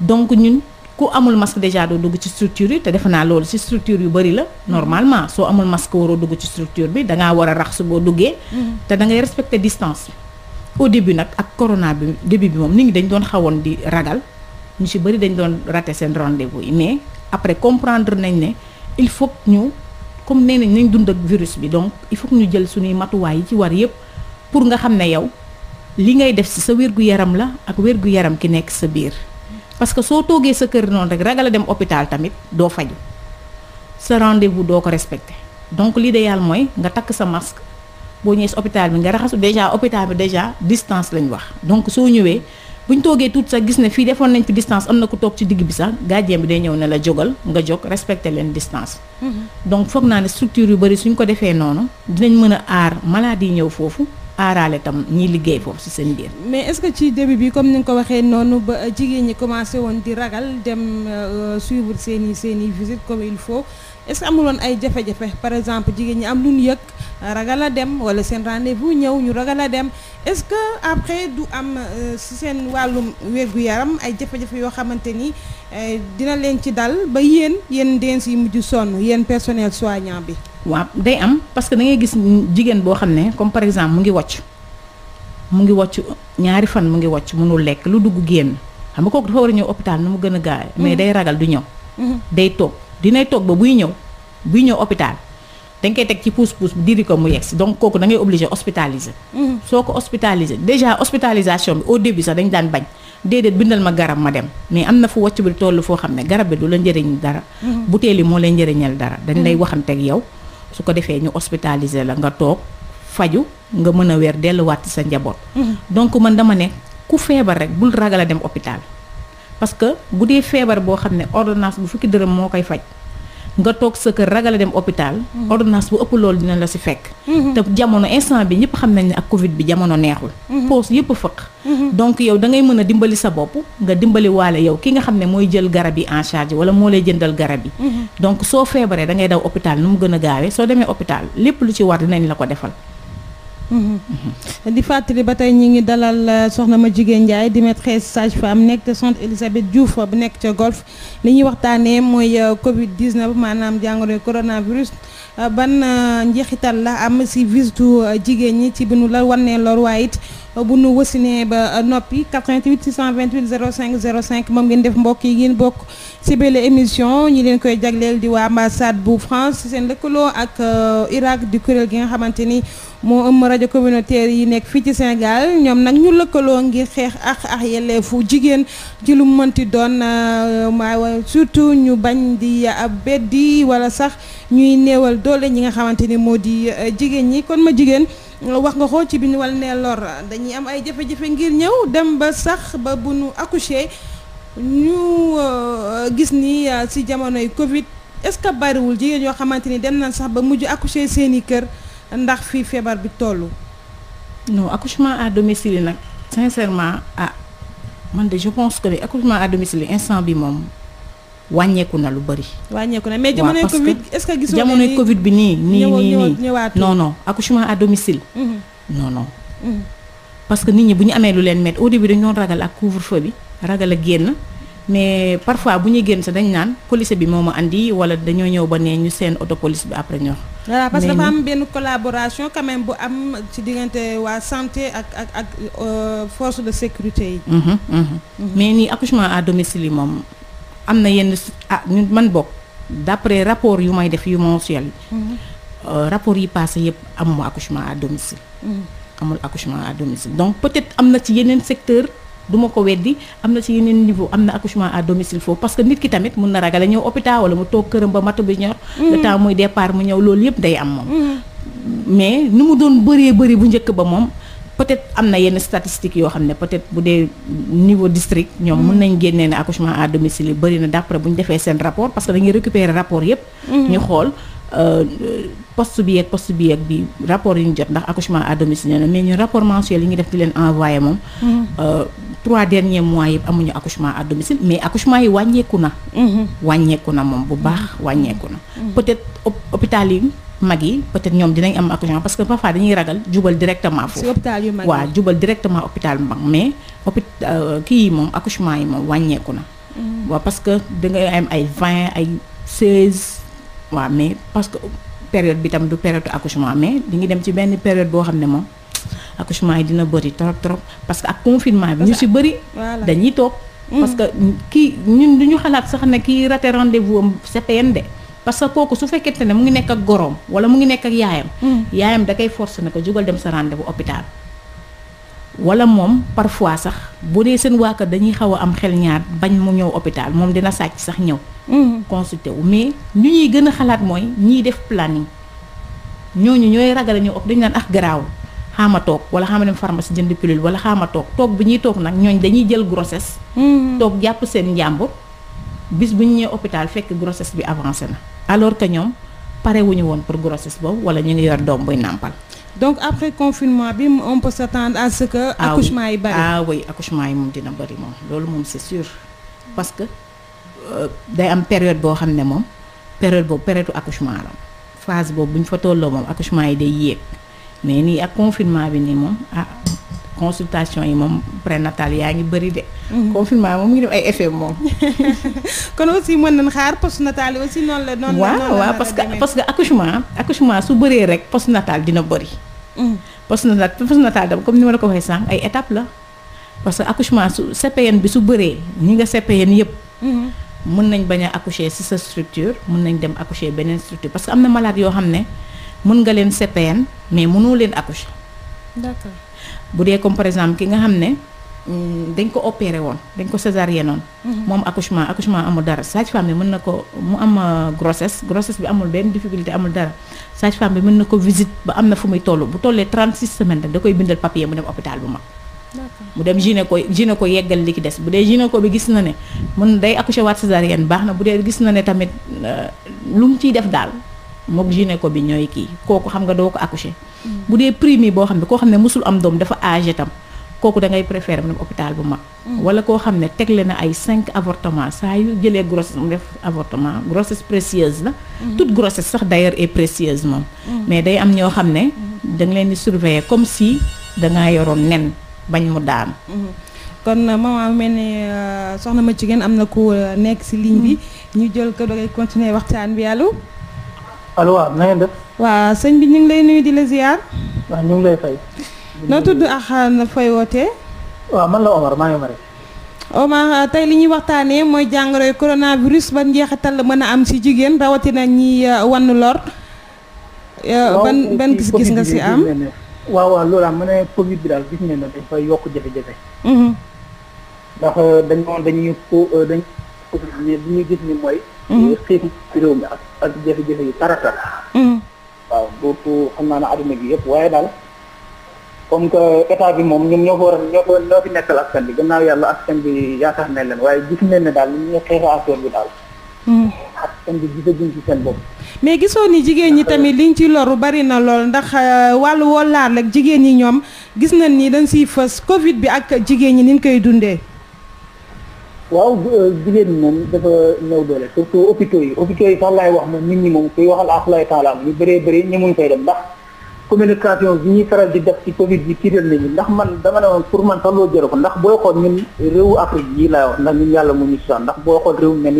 donc ñun ku amul masque déjà doo dugg ci structure yi te defe naa loolu ci structure yu bëri la mm-hmm. normalement soo amul masque waroo dugg ci structure bi da war a raxsu boo duggee. au début nag ak corona bi début bi moom nit ñi dañ doon xawoon di ragal ñu si bëri dañ doon raté seen rendez-vous yi mais après comprendre nañ ne il faut ñu comme nee nañ nañ dund ak virus bi donc il faut ñu jël suñuy matuwaay yi ci war yépp pour nga xam ne yow li ngay def si sa wér-gu-yaram la ak wér-gu-yaram ki nekk sa biir parce que soo toogee sa kër noonu rek ragal a dem hôpital tamit doo faju sa rendez doo ko respecté donc l'idéal mooy nga takk sa masque boo ñëwee si hôpital bi nga raxasu déjà hôpital bi déjà distance lañ wax donc soo ñëwee bu ñu toogee tuuti sax gis ne fii defoon nañ fi distance am na ko toog ci digg bi sax gardien bi day ñëw ne la jógal nga jóg respecter leen distance. Mhm. donc foog naa ne structure yu bari suñ ko defee noonu dinañ mën a aar maladie yi ñëw foofu. aarale tam ñiy liggéey foofu ci seen biir. mais est-ce que ci début bi comme ni ko waxee noonu ba jigéen ñi commencé woon di ragal dem euh, suivre seen i seen i visite comme il faut est-ce que amul ay jafe-jafe par exemple jigéen ñi am lu ñu yëg ragal a dem wala seen rendez-vous ñëw ñu ragal a dem est-ce que après du am euh, si seen wàllum wér yaram ay jafe-jafe yoo xamante ni euh, dina leen ci dal ba yéen yéen deen yu mujj sonn yéen personnel soignant bi. waaw day am parce que da ngay gis jigéen boo xam ne comme par exemple mu ngi wacc mu ngi wocc ñaari fan mu ngi wocc mënul lekk lu dugg génn xam nga kooku dafa war a ñëw hôpital nu mu gën a gaawee. mais mhm. day ragal du ñëw. Mhm. day dinay toog ba buy ñëw buy ñëw hôpital dañ koy teg ci pousse pousse bi diri ko mu yegsi donc kooku dangay ngay obligé mm-hmm. soo ko hospitaliser déjà hospitalisation bi au début sax dañ daan bañ déedéet bindal ma garab ma dem mais am na fu wàcc bi toll foo xam ne garab bi du la njëriñ dara. Mm-hmm. butéel yi moo lay njëriñal dara. dañ lay mm-hmm. waxanteeg yow su ko defee ñu hospitaliser la nga toog faju nga mën a weer delluwaat sa njaboot. donc man dama ne ku feebar rek bul ragal dem hôpital. parce que bu dee feebar boo xam ne ordonnance bu fukki dërëm moo koy faj nga toog sa kër ragal a dem hôpital. Mhm. ordonnance bu ëpp loolu dina la si fekk. Mhm. te jamono instant bi ñëpp xam nañ ne ak Covid bi jamono neexul. Mhm. poos yëpp fëq. donc yow da mën a dimbali sa bopp nga dimbali waale yow ki nga xam ne mooy jël garab yi en charge wala moo lay jëndal garab yi. donc soo feebaree da ngay daw hôpital nu mu gën a gaawee soo demee hôpital lépp lu ci war dinañ la ko defal. di fàttali ba tey ñu ngi dalal euh, soxna ma jigéen Ndiaye di maîtresse sage-femme nekk te centre Elisabeth Diouf bu nekk ca golf li ñuy waxtaanee mooy euh, Covid 19 maanaam jàngoro coronavirus euh, ban njeexital la am si visitu jigéen ñi ci bi nu la wannee lor waaye it bu nu wasinee ba noppi 88 628 05 05 moom ngeen def mbokk yi ngeen bokk ci belle émission ñi leen koy jagleel di waa ambassade bu France seen lëkkaloo ak euh, Irak di kuréel gi nga xamante ni moo ëmb rajo communautaire yi nekk fii ci Sénégal ñoom nag ñu lëkkaloo ngir xeex ak ak yelleefu jigéen ci lu mënti doon euh, waaw surtout ñu bañ di ab euh, beddi wala sax ñuy néewal doole ñi nga xamante ni moo di jigéen ñi kon ma jigéen. wax nga ko ci bi ñu wal nee lor dañuy am ay jafe-jafe ngir ñëw dem ba sax ba bu nu accouché ñu euh, gis ni euh, si jamonoy Covid est-ce que bariwul jigéen yoo xamante ni dem nañ sax ba mujj accouché seeni kër ndax fii feebar bi toll. non accouchement à domicile nag sincèrement ah man de je pense que accouchement à domicile instant bi moom. wàññeeku na lu bëri. wàññeeku na mais jamonoy Covid est-ce que gisoo jamonoy Covid bi nii nii nii nii non non accouchement à domicile. Mhm. non non. Mhm. parce que nit ñi bu ñu amee lu leen métti au début dañu doon ragal ak couvre-feu bi ragal a génn mais parfois bu ñuy génn sax dañ naan police bi moom ma andi wala dañoo ñëw ba nee ñu seen auto police bi après ñoo. voilà parce que dafa am benn collaboration quand bu am ci diggante waa santé ak ak ak euh, force de sécurité yi. Mhm, mais nii accouchement à domicile yi moom. am na yenn ah ñun man bokk d'après rapport yu may def yu mensuel yi mhm. euh, rapport yi passé yëpp amuma accouchement à domicile mhm. amul accouchement à domicile donc peut-être am na ci yeneen secteur du ma ko weddi am na ci yeneen niveau am na accouchement à domicile foofu parce que nit ki tamit mun na ragale ñëw hôpital wala mu toog këram ba matu bi ñor mhm. le temps muy départ mu ñëw loolu yëpp day am moom mais nu mu doon bëree bëri bu njëkk ba moom peut-être am na yenn statistiques yoo xam ne peut-être bu dee niveau district ñoom mën nañ génnee ne accouchement à domicile yi bëri na d'après bu ñu defee seen rapport parce que dañuy récupérer rapport yépp mm-hmm. ñu xool Euh, poste bi yeeg post bi yeeg bi rapport yi ñu jot ndax accouchement à domicile nee na mais ñun rapport mensuel yi ñu def di leen envoyé moom. Mm-hmm. Euh, trois derniers mois yëpp amuñu accouchement à domicile mais accouchement yi wàññeeku na. Mm-hmm. wàññeeku na moom bu baax mm-hmm. wàññeeku na. peut-être hôpital yi mag yi peut-être ñoom dinañ am accouchement parce que parfois dañuy ragal jubal directement. foofu si hôpital yu mag waaw jubal directement hôpital mag mais hôpital euh, kii yi moom accouchement yi moom wàññeeku na. waaw parce que dangay waaw mais parce que période bi tam du période accouchement mais di ngi dem ci benn période boo xam ne moom accouchement yi dina bëri trop trop parce que ak confinement bi nga si bëri dañuy toog mm. parce que kii ñun du ñu xalaat sax ne kii raté rendez-vous parce que kooku su fekkente ne mu ngi nekk ak goroom wala mu ngi nekk ak yaayam mm. yaayam da koy force ne jógal dem sa rendez-vous hôpital wala moom parfois sax boo dee seen waa dañuy xaw a am xel ñaar bañ mu ñëw hôpital moom dina sàcc sax ñëw consulté wu mais ñu ñuy gën a xalaat mooy ñiy def planning ñooñu ñooy ragal ñu op dañu naan ax ah, garaaw xaama toog wala xaama dem pharmacie jënd pilule wala xaama toog toog bi ñuy toog nag ñooñ dañuy jël grossesse mm-hmm. toog jàpp seen njàmbur bis bu ñu ñëwee hôpital fekk grossesse bi avancé na alors que ñoom parewuñu woon pour grossesse boobu wala ñu ngi yor doom buy nàmpal donc après confinement bi on peut s'attendre à ce que ah accouchement yi bari ah oui yi moom dina bari moom loolu moom c'est sûr parce que Euh, day am période boo xam ne moom période boobu période accouchement la phase boobu bu fa tolloo moom accouchement yi day yéeg mais nii ak confinement bi nii moom ah consultation yi moom prénatal yaa ngi bëri de. Mhm. confinement moom ngi def ay effet moom. [laughs] kon aussi mën nañ xaar postnatal yi aussi noonu la. noonu la waaw waaw parce que parce que accouchement accouchement dina bëri. Mhm. postnatal postnatal dama comme ni ma la ko waxee sànq ay étape la parce que accouchement su CPN bi su bëree ñi nga CPN yëpp. Mhm. mën nañ bañ a accoucher ci sa structure mën nañ dem accoucher beneen structure parce que am na malade yoo xam ne mën nga leen CPN mais mënoo leen accoucher. bu dee comme par exemple ki nga xam ne mm, dañ ko opéré woon dañ ko césarienne woon. Mhm. moom accouchement accouchement amul dara sage-femme bi mën na ko mu am euh, grossesse grossesse bi amul benn difficulté amul dara sage-femme bi mën na ko visite ba am na fu muy toll bu tollee 36 semaines da koy bindal pap mu dem hôpital mu dem ko gynéco ko yeggal li ki des bu dee ko bi gis na ne mun day accoucher waat césarienne baax na bu dee gis na ne tamit euh, lu mu ciy def daal moog ko bi ñooy kii kooku xam nga doo ko accoucher mm. bu dee primi boo xam ne koo xam ne mosul am doom dafa âgé tam kooku da ngay préférer mu dem hôpital bu mag mm. wala koo xam ne tegle na ay cinq avortement saa yu jëlee grossesse mu def avortement grossesse précieuse la mm. toute grossesse sax d'ailleurs est précieuse moom mais day am ñoo xam ne da leen di surveiller comme si dangaa yoroon nen bañ mu daanu. Mhm. kon euh, maman mel ni euh, soxna ma ci am na ko euh, nekk si ligne bi mhm. ñu jël ko doogay continuer waxtaan bi allo. waa sëñ bi ñu ngi lay nuyu di la ziar. waaw ñu ngi lay fay. noo tudd ak na fay wootee. waaw man la Omar maa ngi mari Omar tey li ñuy waxtaanee mooy jàngoroy coronavirus ba njeexital mën a am si jigéen rawatina ñi wann lor. ban ban gis-gis nga si am. waaw waaw loolu am ma ne Covid bi daal gis ngeen ne dafa yokk jafe-jafe. Mhm. ndax euh, dañuy ko euh, dañ Covid bi ñu gis ni mooy. Mhm. xiif ci réew mi ak ak jafe-jafe yu tara tara. Mhm. waaw dootu xam naa ne adduna bi yëpp waaye daal comme que euh, état bi moom ñoom ñoo ko war a ñoo ko fi nekkal askan bi gannaaw yàlla askan bi yaakaar ne leen waaye gis nañ ne daal ñu ngi xeexee affaire bi daal. ak tamit gisaguñ ci seen bopp. mais gisoo ni jigéen ñi tamit liñ ci loru bari na lool ndax euh, wàllu wolaar rek jigéen ñi ñoom gis nañ ni dañ siy fës Covid bi ak jigéen ñi niñ koy dundee. waaw euh, jigéen ñi moom dafa néew doole surtout hôpitaux yi hôpitaux yi sax laay wax moom nit ñi moom kuy waxal ak lay taalaam ñu bëree bëri ñi mun koy dem ndax. communication bi ñuy faral di def ci Covid bi tiital nañu ndax man dama ne woon pour man sax loo jëlee ko ndax booy xool ñun réewu Afrique yi laa ndax ñun yàlla mu ñu saan ndax booy xool réew mel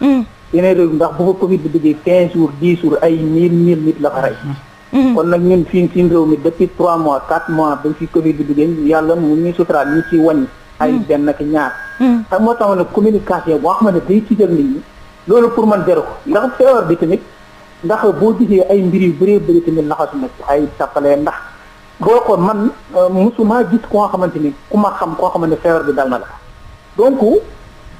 mm. bi duggee quinze jours dix jours ay mille mille nit la fa rey. Mm. Mm. kon nag ñun fii suñu réew mi depuis trois mois quatre mois ba fi Covid bi duggee yàlla mu ñu suturaat ñu ci wàññi. ay benn ak ñaar. xam moo tax ma ne communication boo xam ne day tiital nit ñi loolu pour man jëlee ko ndax feebar bi tamit. ndax boo gisee ay mbir yu bëree bëri tamit naxatu na ci ay tappalee ndax boo ko man euh, musuma gis koo xamante ni ku ma xam koo xamante ne feebar bi dal na la donc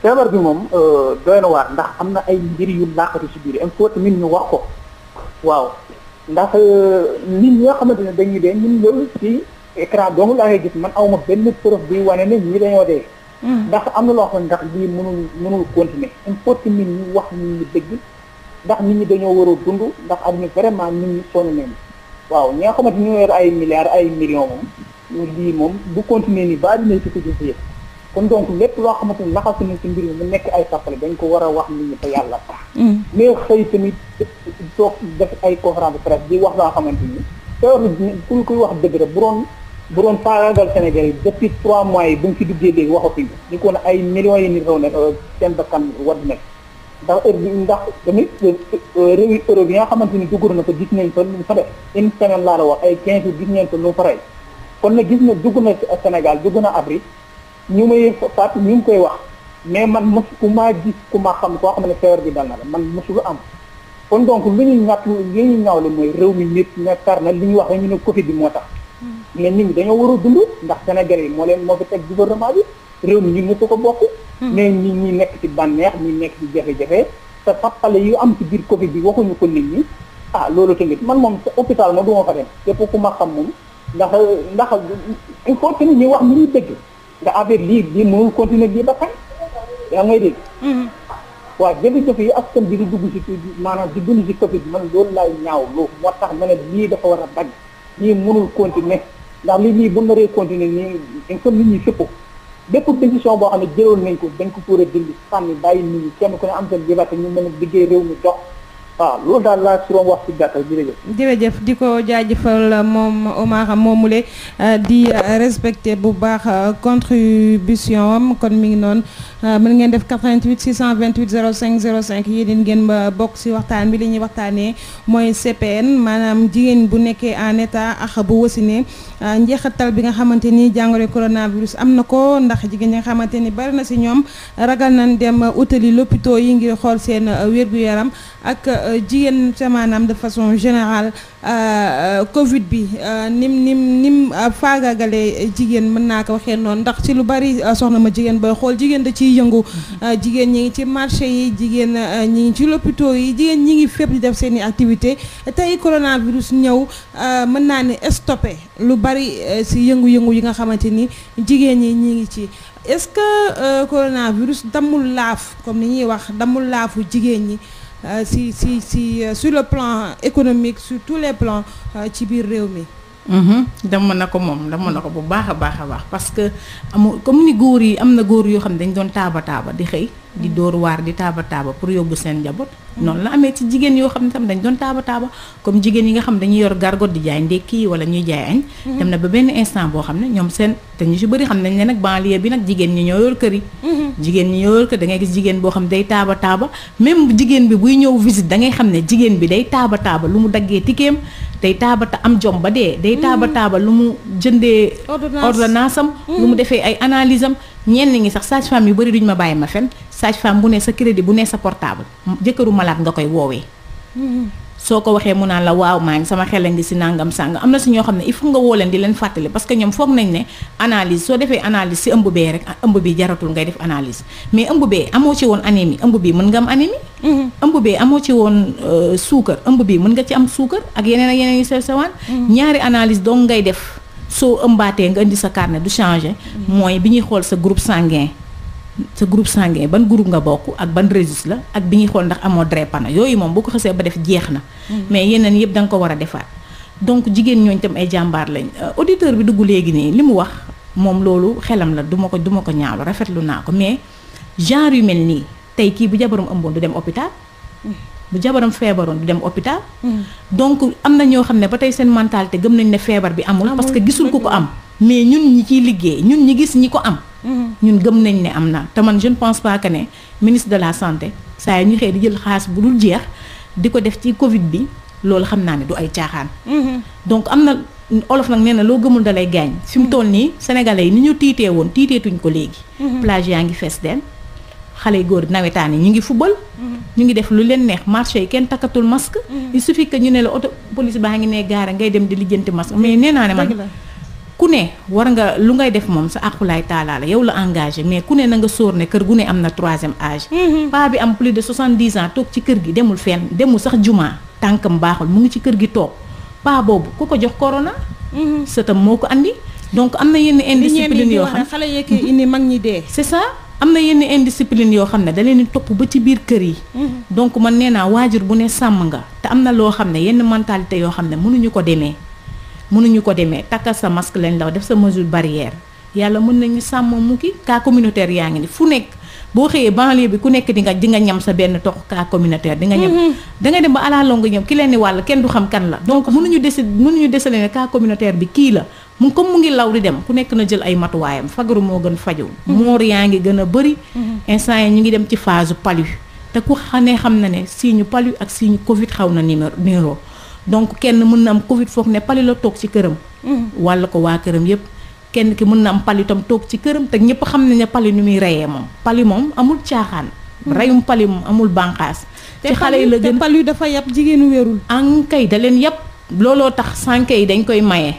feebar bi moom euh, doy na waar ndax am na ay mbir yu laaxatu si biir il faut tamit ñu wax ko waaw ndax euh, nit ñi nga xamante ne dañuy dee ñun ñëw si écran dong laa koy gis man awma benn preuve buy wane ne ñii dañoo dee. Hmm. ndax am na loo xam ne ndax lii mënul mënul continuer il faut tamit wax ñu ndax nit ñi dañoo war a dund ndax adduna vraiment nit ñi sonn nañu waaw ñi nga xamante ñu yor ay milliards ay millions moom lii moom bu continuer nii ba adduna si ko gis kon donc lépp loo xamante ni laxasu na ci mbir nekk ay dañ ko war a wax nit ñi te yàlla tax mm. mais xëy tamit toog ay conférence de presse di wax loo xamante ni teewlu kuñ koy wax dëgg rek bu doon bu doon faagaagal Sénégal yi depuis trois mois yi bu ñu fi duggee léegi waxatuñu ñu ko ay millions yi nit xew ne euh, seen bakkan wadd nekk ndax heure bi ndax tamit euh, euh, réew yi Europe yi nga xamante ni dugg na ko gis nañ ko lu fa def une semaine laa la wax ay 15 jours gis nañ fa lu fa rey kon nag gis na dugg na Sénégal dugg na Afrique ñu may faat ñu ngi koy wax mais man mos ku maa gis ku ma koo xam ne feebar bi dal na man am kon donc lu ñu ñàkk li ñu ñaawle mooy réew mi nit ña tar na li ñu wax ñu ne Covid bi moo tax hmm. mais nit ñi dañoo war a dund ndax Sénégalais yi moo leen moo fi teg gouvernement bi réew mi ñu ko ko bokk mais nit ñi nekk ci bànneex mi nekk ci jafe-jafe te fàttali yu am ci biir Covid bi waxuñu ko nit ñi ah loolu tamit man moom sa hôpital ma du ma fa dem képp ku ma xam ndax ndax il faut que nit ñi wax ñuy dëgg nga affaire lii bii mënul continuer bii ba kañ yaa ngay dégg mm-hmm. waaw jafe-jafe yi askan bi di dugg ci maanaam di dund ci Covid man loolu laay ñaaw loolu moo tax ma ne lii dafa war a dagg lii mënul continuer ndax lii nii bu naree continuer nii il faut nit bépp décision boo xam ne jëloon nañ ko dañ ko a dindi sànni bàyyi nit ñi kenn ku ne am seen liberté ñu mën a liggéey réew mi dox waaw ah, loolu daal laa si doon wax si gàttal jërëjëf. jërëjëf di ko jaajëfal moom Omar moomule euh, di respecté bu baax euh, contribution am kon mi ngi noonu euh, mën ngeen def 88 628 05 05 yéen ngeen ba bokk si waxtaan bi li ñuy waxtaanee mooy CPN maanaam jigéen bu nekkee en état ak bu wasine njeexatal bi nga xamante ni jàngoro coronavirus am na ko ndax jigéen ñi nga xamante ni bari na si ñoom ragal nañ dem utali lopito yi ngir xool seen wér-gu-yaram. ak euh, jigéen sa de façon générale euh, euh, Covid bi nim nim nim faagaagalee jigéen mën naa ko waxee noonu ndax ci lu bari soxna ma jigéen booy xool jigéen da ciy yëngu. Mm-hmm. jigéen ñi ngi ci marché yi jigéen ñi ngi ci lopito yi jigéen ñi ngi fépp di def seen i activité tey coronavirus ñëw mën naa ne stoppé lu bari si yëngu-yëngu yi nga xamante ni jigéen ñi ñi ngi ci. est-ce que coronavirus dammul laaf comme ni ñuy wax damul laafu jigéen ñi. Euh, si si si euh, sur le plan économique sur tous les plans euh, ci biir réew mi. Mhm. damm na ko moom damm na ko bu baax a baax a baax parce que amu comme ni góor yi am na góor yoo xam ne dañ doon taaba taaba di xëy. di door waar di taaba taaba pour yóbbu seen njaboot. noonu la amee ci jigéen yoo xam ne tam dañ doon taaba taaba comme jigéen yi nga xam dañuy yor gargote di jaay ndékki wala ñuy jaay añ mhm. dem na ba benn instant boo xam ne ñoom seen te ñu si bëri xam nañ ne nag banlieue bi nag jigéen ñi ñoo yor mhm. jigéen ñi ñoo yor ngay gis jigéen boo xam day taaba taaba même jigéen bi buy ñëw visite da ngay xam ne jigéen bi day taaba taaba lu mu daggee tikeem day taaba ta am jom ba dee day taaba mhm. taaba lu mu jëndee ordonnance am lu mu defee ay analyse am ñenn ngi sax sage-femme yu bëri duñ ma bàyyi ma fen sage femme bu ne sa crédit bu ne sa portable jëkkëru malaat nga koy woowee. Mm-hmm. soo ko waxee mun naan la waaw maa ngi sama xel ngi si nangam sàng am na si ñoo xam ne il faut nga woo leen di leen fàttali parce que ñoom foog nañ ne analyse soo defee analyse si ëmb bee rek ah, bi jaratul ngay def analyse mais ëmb bee amoo ci woon anémie ëmb bi mën nga am anémie mm-hmm. ëmb bee amoo ci woon euh, suukar ëmb bii mën nga ci am suukar ak yeneen ak yeneen yu sew sewaan mm-hmm. ñaari analise donc ngay def soo ëmbaatee nga indi sa carnet du changer mooy bi ñuy xool sa sanguin sa groupe sanguin ban groupe nga bokk ak ban registre la ak bi ñuy xool ndax amoo drépano yooyu moom boo ko xasee ba def jeex na. Mm-hmm. mais yeneen yëpp da ko war a defaat. donc jigéen ñooñu tam ay jàmbaar lañ euh, auditeur bi dugg léegi nii li mu wax moom loolu xelam la du ma ko du ma ko ñaawlu rafetlu naa ko mais genre yu mel nii tey kii bu jabaram ëmboon du dem hôpital. Mm-hmm. bu jabaram feebaroon du dem hôpital. Mm-hmm. donc am na ñoo xam ne ba tey seen mentalité gëm nañ ne feebar bi amul. parce que gisul ku ko am mais ñun ñi ciy liggéey ñun ñi gis ñi ko am. ñun gëm nañ ne am na te man jeune pense pas que ne ministre de la santé saa yi ñu xëy di jël xaas bu dul jeex di ko def ci Covid bi loolu xam naa ne du ay caaxaan. Mhm. donc am na olof nag nee na loo gëmul dalay gaañ. fi mu mhm. toll nii sénégalais yi ni ñu tiitee woon tiiteetuñ ko léegi. Mhm. plage yaa ngi fees den xale yu góor nawetaan yi ñu ngi fubal. ñu ngi def lu leen neex marché yi kenn takkatul masque. il suffit ñu ne la oto police baa ngi ne gaara ngay dem di lijjanti masque mais nee naa ne man. ku ne war nga lu ngay def moom sa àqulaay taalaa la yow la engagé mais ku ne na nga sóor ne kër gu ne am na troisième âge mhm. paa bi am plus de soixante-dix ans toog ci demul fenn demul sax jumaa tànkam baaxul mu ngi ci kër gi toog paa boobu ku ko jox corona mhm. sëtam moo ko andi donc am na yenn indiscipline yoo xam xale yeeg indi mag ñi dee mhm. c'est am na yenn indiscipline yoo xam ne da leen di topp ba ci biir kër yi donc man nee naa waajur bu ne sàmm nga te am na loo xam ne yenn mentalité yoo xam ne mënuñu ko demee mënuñu ko demee takkal sa masque lañ law def sa mesure barrière yàlla mën nañu sàmm mu ki cas communautaire yaa ngi ni fu nekk boo xëyee banlieue bi ku nekk di nga di nga ñam sa benn tox cas communautaire di nga ñam mm-hmm. da nga dem ba à la longue ñam ki leen ni wàll kenn du xam kan la donc mënuñu desi mënuñu desale ne cas communautaire bi kii la mu comme mu ngi law di dem ku nekk na jël ay matuwaayam fagaru moo gën faju mm-hmm. moor yaa ngi gën a bëri mm-hmm. instant yi ñu ngi dem ci phase palu te ku xane xam na ne si ñu palu ak si ñu xaw na numéro donc kenn mun na am Covid foog ne pali la toog ci këram. Mm. wàll ko waa këram yëpp. kenn ki mun na am pali itam toog ci këram te ñëpp xam nañ ne pali nu muy reyee moom pali moom amul caaxaan. Mm. reyum pali moom amul bànqaas. te xale yi la gën te pali dafa yab jigéenu wérul. ankay da leen yab looloo tax sànke yi dañ koy maye.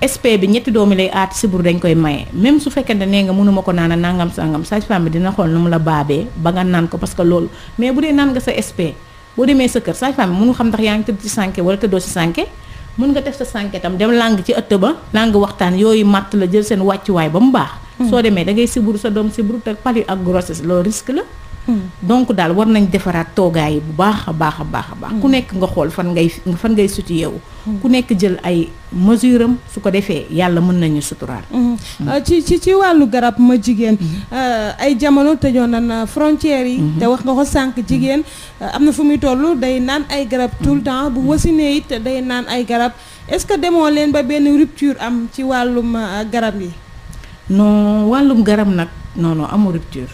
SP bi ñetti doomi lay aat sibur dañ koy maye même su fekkente nee nga mënuma ko naan nangam sangam sage-femme bi dina xool nu mu la baabee ba nga naan ko parce que loolu mais bu dee naan nga sa SP. boo demee sa kër sage-femme mënu xam ndax yaa ngi tëdd ci sànke wala tëddoo si sànke mën nga def sa sànke tam dem làng ci ëtt ba làng waxtaan yooyu matt la jël seen wàccuwaay ba mu baax hmm. soo demee da ngay siburu sa doom siburu te palu ak grossesse loolu risque la donc daal war nañ defaraat toogaay bu baax a baax a baax a baax ku mm. nekk nga xool fan ngay fan ngay suti yow mm. ku nekk jël ay mesure am su ko defee yàlla mën nañu suturaal mm-hmm. mm. euh, ci ci ci wàllu garab ma jigéen mm-hmm. euh, ay jamono tëjoon na frontières yi mm-hmm. te wax nga ko sànq jigéen euh, am na fu muy toll day naan ay garab tout le temps bu wasinee it day naan ay garab est-ce que demoo leen ba benn rupture am ci wàllum garab yi non wàllum garab nag noonoo non rupture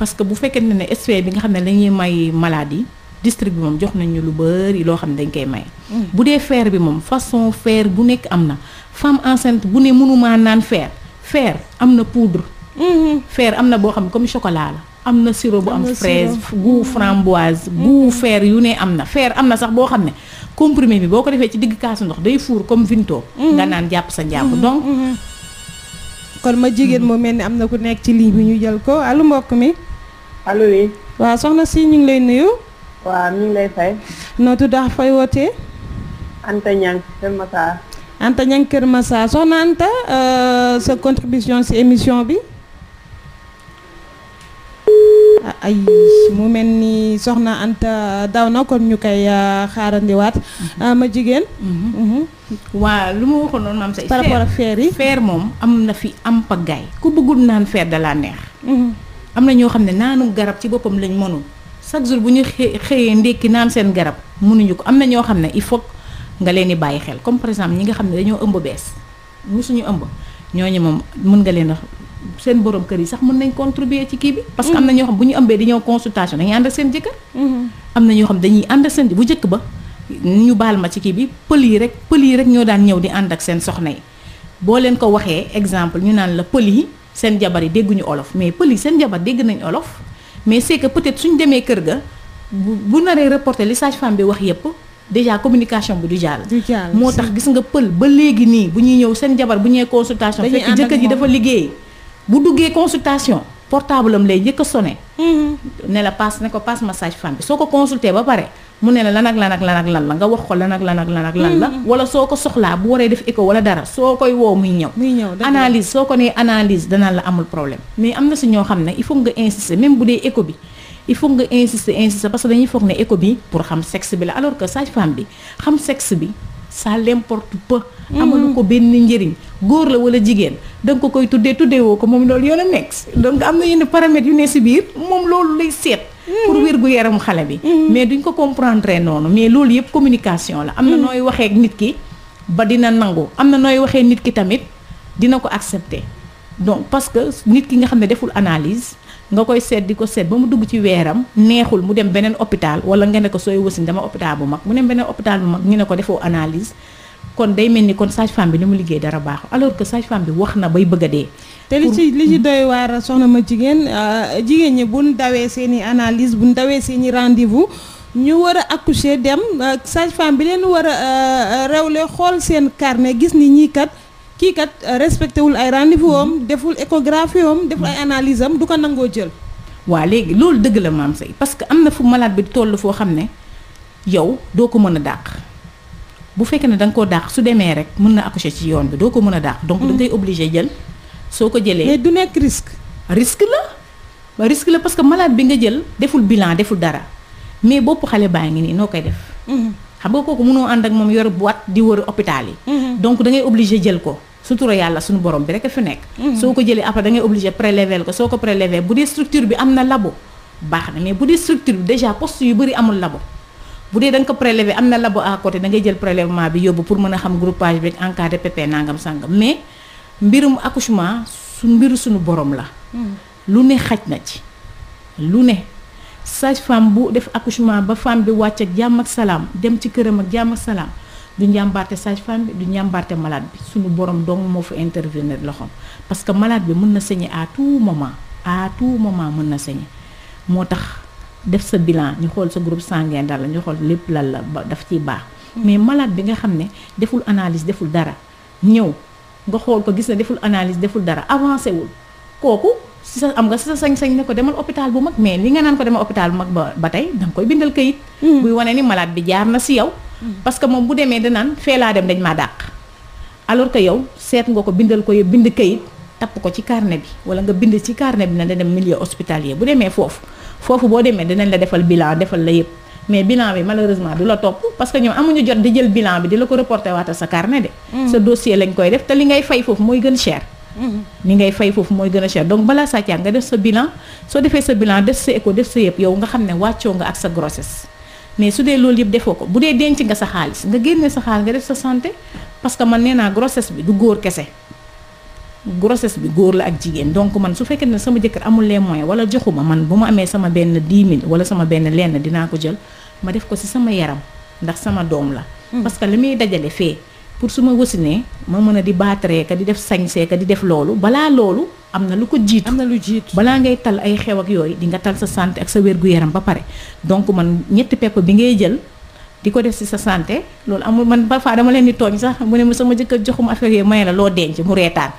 parce que bu fekkente ne SPE bi nga xam ne la ñuy may maladie district bi moom jox nañu lu bari loo xam ne dañ koy may. Mm. bu dee fer bi moom façon fer bu nekk am na femme enceinte bu ne mënumaa naan fer fer am na poudre. Mm-hmm. fer am na boo xam ne comme chocolat la. am na sirop bu am fraise goût mm-hmm. framboise mm-hmm. goût fer yu ne am na fer am na sax boo xam ne comprimé bi boo ko defee ci diggu kaasu ndox day fuur comme vinto nga naan jàpp sa njàpp donc kon ma jigéen moo mel ni am na ku nekk ci lii bi ñu jël ko allo mbokk mi allo oui. waaw soxna si ñu ngi lay nuyu. waaw ñu ngi lay fay. noo tudd fay wootee. Anta Niang Kër Massar. soxna Anta euh, sa contribution ci émission bi. Ah, ay mu mel ni soxna Anta daw na kon ñu koy euh, xaarandiwaat mhm. euh, ma jigéen. Mhm. Mhm. waa lu ma waxoon noonu maam say. par rapport ak feer yi feer moom am na fi am pagaay ku bëggul naan feer da neex. am na ñoo xam ne naanu garab ci boppam lañ mënul chaque jour bu ñu xëyee ndékki naan seen garab munuñu ko am na ñoo xam ne il faut nga leen bàyyi xel comme par exemple ñi nga xam ne dañoo ëmb bees ñu suñu ëmb ñooñu moom mën nga leen a seen borom kër yi sax mën nañ contribuer ci kii bi parce que am na ñoo ñu ëmbee di ñëw consultation dañuy mm-hmm. am na ñoo xam dañuy ànd ak bu jëkk ba ñu baal ma ci kii bi pël yi rek pël yi rek ñoo daan ñëw di ànd ak seen soxna yi boo leen ko waxee exemple ñu naan la pël yi seen jabar yi dégguñu olof mais pël yi seen jabar dégg nañ olof mais c'est que peut-être suñ demee kër ga bu bu naree reporter li sage-femme bi wax yépp déjà communication bi du jàll. du jàll moo tax gis nga pël ba léegi nii bu ñuy ñëw seen jabar bu ñëwee consultation. dañuy fekk jëkkër ji dafa liggéey. bu duggee consultation portable am lay njëkk a sonné. Mm-hmm. ne la passe ne ko passe ma sage-femme bi soo ko consulté ba pare. mu ne la lan ak lan ak lan lan la nga wax ko lan ak lan ak lan ak lan la mm-hmm. wala soo ko soxlaa bu waree def écho wala dara soo koy woo muy ñëw muy ñëw analyse soo ko nee analyse danaan la amul problème mais am na si ñoo xam ne il faut nga insister même bu dee écho bi i faut nga insister insister parce que dañuy foog ne écho bi pour xam sexe bi la alors que sage-femme bi xam sexe bi sa l'importe peu Mm. amalu ko benn njëriñ góor la wala jigéen da ko koy tuddee tuddee woo ko moom loolu yoon a nekk donc am na yenn paramètres yu ne si biir moom loolu lay seet mm. pour wér xale bi mm. mais duñ ko comprendre noonu mais loolu yëpp communication la am na nooy waxee nit ki ba dina nangu am na nooy waxee nit ki tamit dina ko accepté donc parce que nit ki nga xam ne deful analyse nga koy seet di ko seet ba mu dugg ci weeram neexul mu dem beneen hôpital wala nga ne ko sooy wasin dama hôpital bu mag mu dem beneen hôpital bu mag ñu ne ko defoo analyse kon day mel ni kon sage-femme bi ni mu liggéey dara baax alors que sage-femme bi wax na bay bëgg a dee. te li ci li ci mm-hmm. doy waar soxna ma jigéen euh, jigéen ñi buñ dawee seen i analyse buñ dawee seen i ñu war a accoucher dem euh, sage-femme bi leen war a euh, rewle xool seen carnet gis ni ñii kat. kii kat respecté wul ay rendez-vous am mm-hmm. deful échographie am deful ay mm-hmm. analyse am du ko nangoo jël. waa léegi loolu dëgg la maam say parce que am na fu malaat bi toll foo xam ne yow doo ko mën a dàq. bu fekkee ne danga nga koo dàq su demee rek mën na accoucher ci yoon bi doo ko mën a dàq. donc mm. da ngay obligé jël soo ko jëlee. mais du nekk risque. risque la ba la parce que malade bi nga jël deful bilan deful dara mais bopp xale baa ngi nii noo koy def. Mm-hmm. xam nga kooku mënoo ànd ak moom yor boîte di wër hôpital yi. Mm-hmm. donc da ngay obligé jël ko. sutura yàlla sunu borom bi rek a fi nekk. Mm-hmm. soo ko jëlee après da ngay obligé prélever ko soo ko prélever bu dee structure bi am na labo baax na mais bu dee structure bi déjà post yu bari amul labo. bu dee da nga ko prélever am na labo à côté da jël prélèvement bi yóbbu pour mën a xam groupage bi en cas de pépin nangam sangam mais mbirum accouchement su mbiru suñu borom la. Hmm. lu ne xaj na ci lu ne. sage-femme bu def accouchement ba femme bi wàcc ak jàmm ak salaam dem ci këram ak jàmm ak salaam du njàmbaarte sage-femme bi du njàmbaarte malaat bi suñu borom dong moo fa intervenir loxoom parce que malade bi mën na saigner à tout moment à tout moment mën na saigner moo tax def sa bilan ñu xool sa groupe sanguin dara ñu xool lépp lan la ba daf ciy baax. mais malaat bi nga xam ne deful analise deful dara ñëw nga xool ko gis na deful analise deful dara avancé wul kooku si sa am nga si sa sañ-sañ ne ko demal hôpital bu mag mais li nga naan ko demal hôpital bu mag ba ba tey da koy bindal kayit. Mm. buy wane ni malaat bi jaar na si yow. Mm. parce que moom bu demee danaan fee laa dem dañ maa dàq. alors que yow seet nga ko bindal ko yow bind kayit tapp ko ci carnet bi wala nga bind ci carnet bi na da dem milieu hospitalier bu demee foofu. foofu boo demee dinañ la defal bilan defal la yëpp mais bilan bi malheureusement du la topp parce que ñoom amuñu jot di jël bilan bi di la ko reporté waata sa carnet de mm. sa dossier lañ koy def te li ngay fay foofu mooy gën ni mm. ngay fay foofu mooy gën a cher donc balaa sàccaa nga def sa bilan soo defee sa bilan def sa écho def sa yëpp yow nga xam ne wàccoo nga ak sa grossesse mais su dee loolu yëpp defoo ko bu dee denc nga sa xaalis nga génne sa xaalis nga def sa santé parce que man nee naa grossesse bi du góor kese grossesse bi góor la ak jigéen donc man su fekkee ne sama jëkkër amul les moyens wala joxuma man bu ma amee sama benn 10 000 wala sama benn lenn dinaa ko jël ma def ko ci sama yaram ndax sama doom la. Hmm. parce que li muy dajale fee pour su ma wasinee ma mën a di baateree ka di def sañsee ka di def loolu balaa loolu am na lu ko jiitu. am lu jiitu balaa ngay tal ay xew ak yooyu di nga tal sa santé ak sa wér gu ba pare donc man ñetti pepp bi ngay jël. di ko def ci sa santé loolu amul man parfois dama leen di tooñ sax mu ne sama jëkkër joxum affaire yooyu may la loo denc mu reetaan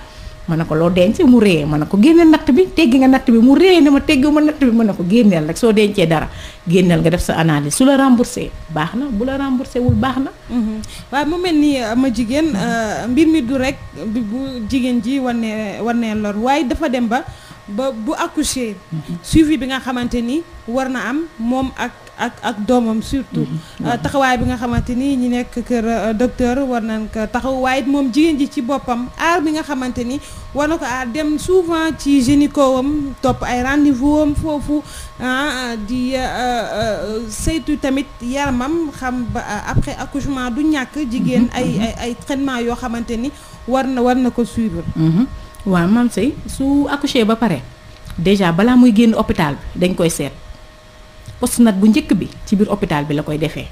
ma ne ko loo denc mu réyee ma ne ko génneel natt bi teggi nga natt bi mu réyee na ma teggi ma natt bi ma ne ko génneel rek soo dencee dara génneel nga def sa analyse su la remboursé baax na bu la remboursé wul baax na. Mhm. waaw mu mel ni euh, ma jigéen mhm. euh, mbir mi du rek bu jigéen ji war nee war nee lor waaye dafa dem ba bu accoucher. Mhm. suivi bi nga xamante ni war na am moom ak. ak ak doomam surtout mm-hmm. euh, taxawaay bi nga xamante ni ñu nekk kër euh, docteur war nañ ko taxaw moom jigéen ji ci boppam aar bi nga xamante ni war na ko aar dem souvent ci gynéco am topp ay rendez am foofu ah, di euh, saytu tamit yaramam xam ba après accouchement du ñàkk mm-hmm. jigéen ay mm-hmm. ay ay yoo xamante ni war na war na ko suivre waaw maam sëy su accouché ba pare déjà balaa muy génn hôpital bi dañ koy seet postnat bu njëkk bi ci biir hôpital bi la koy defee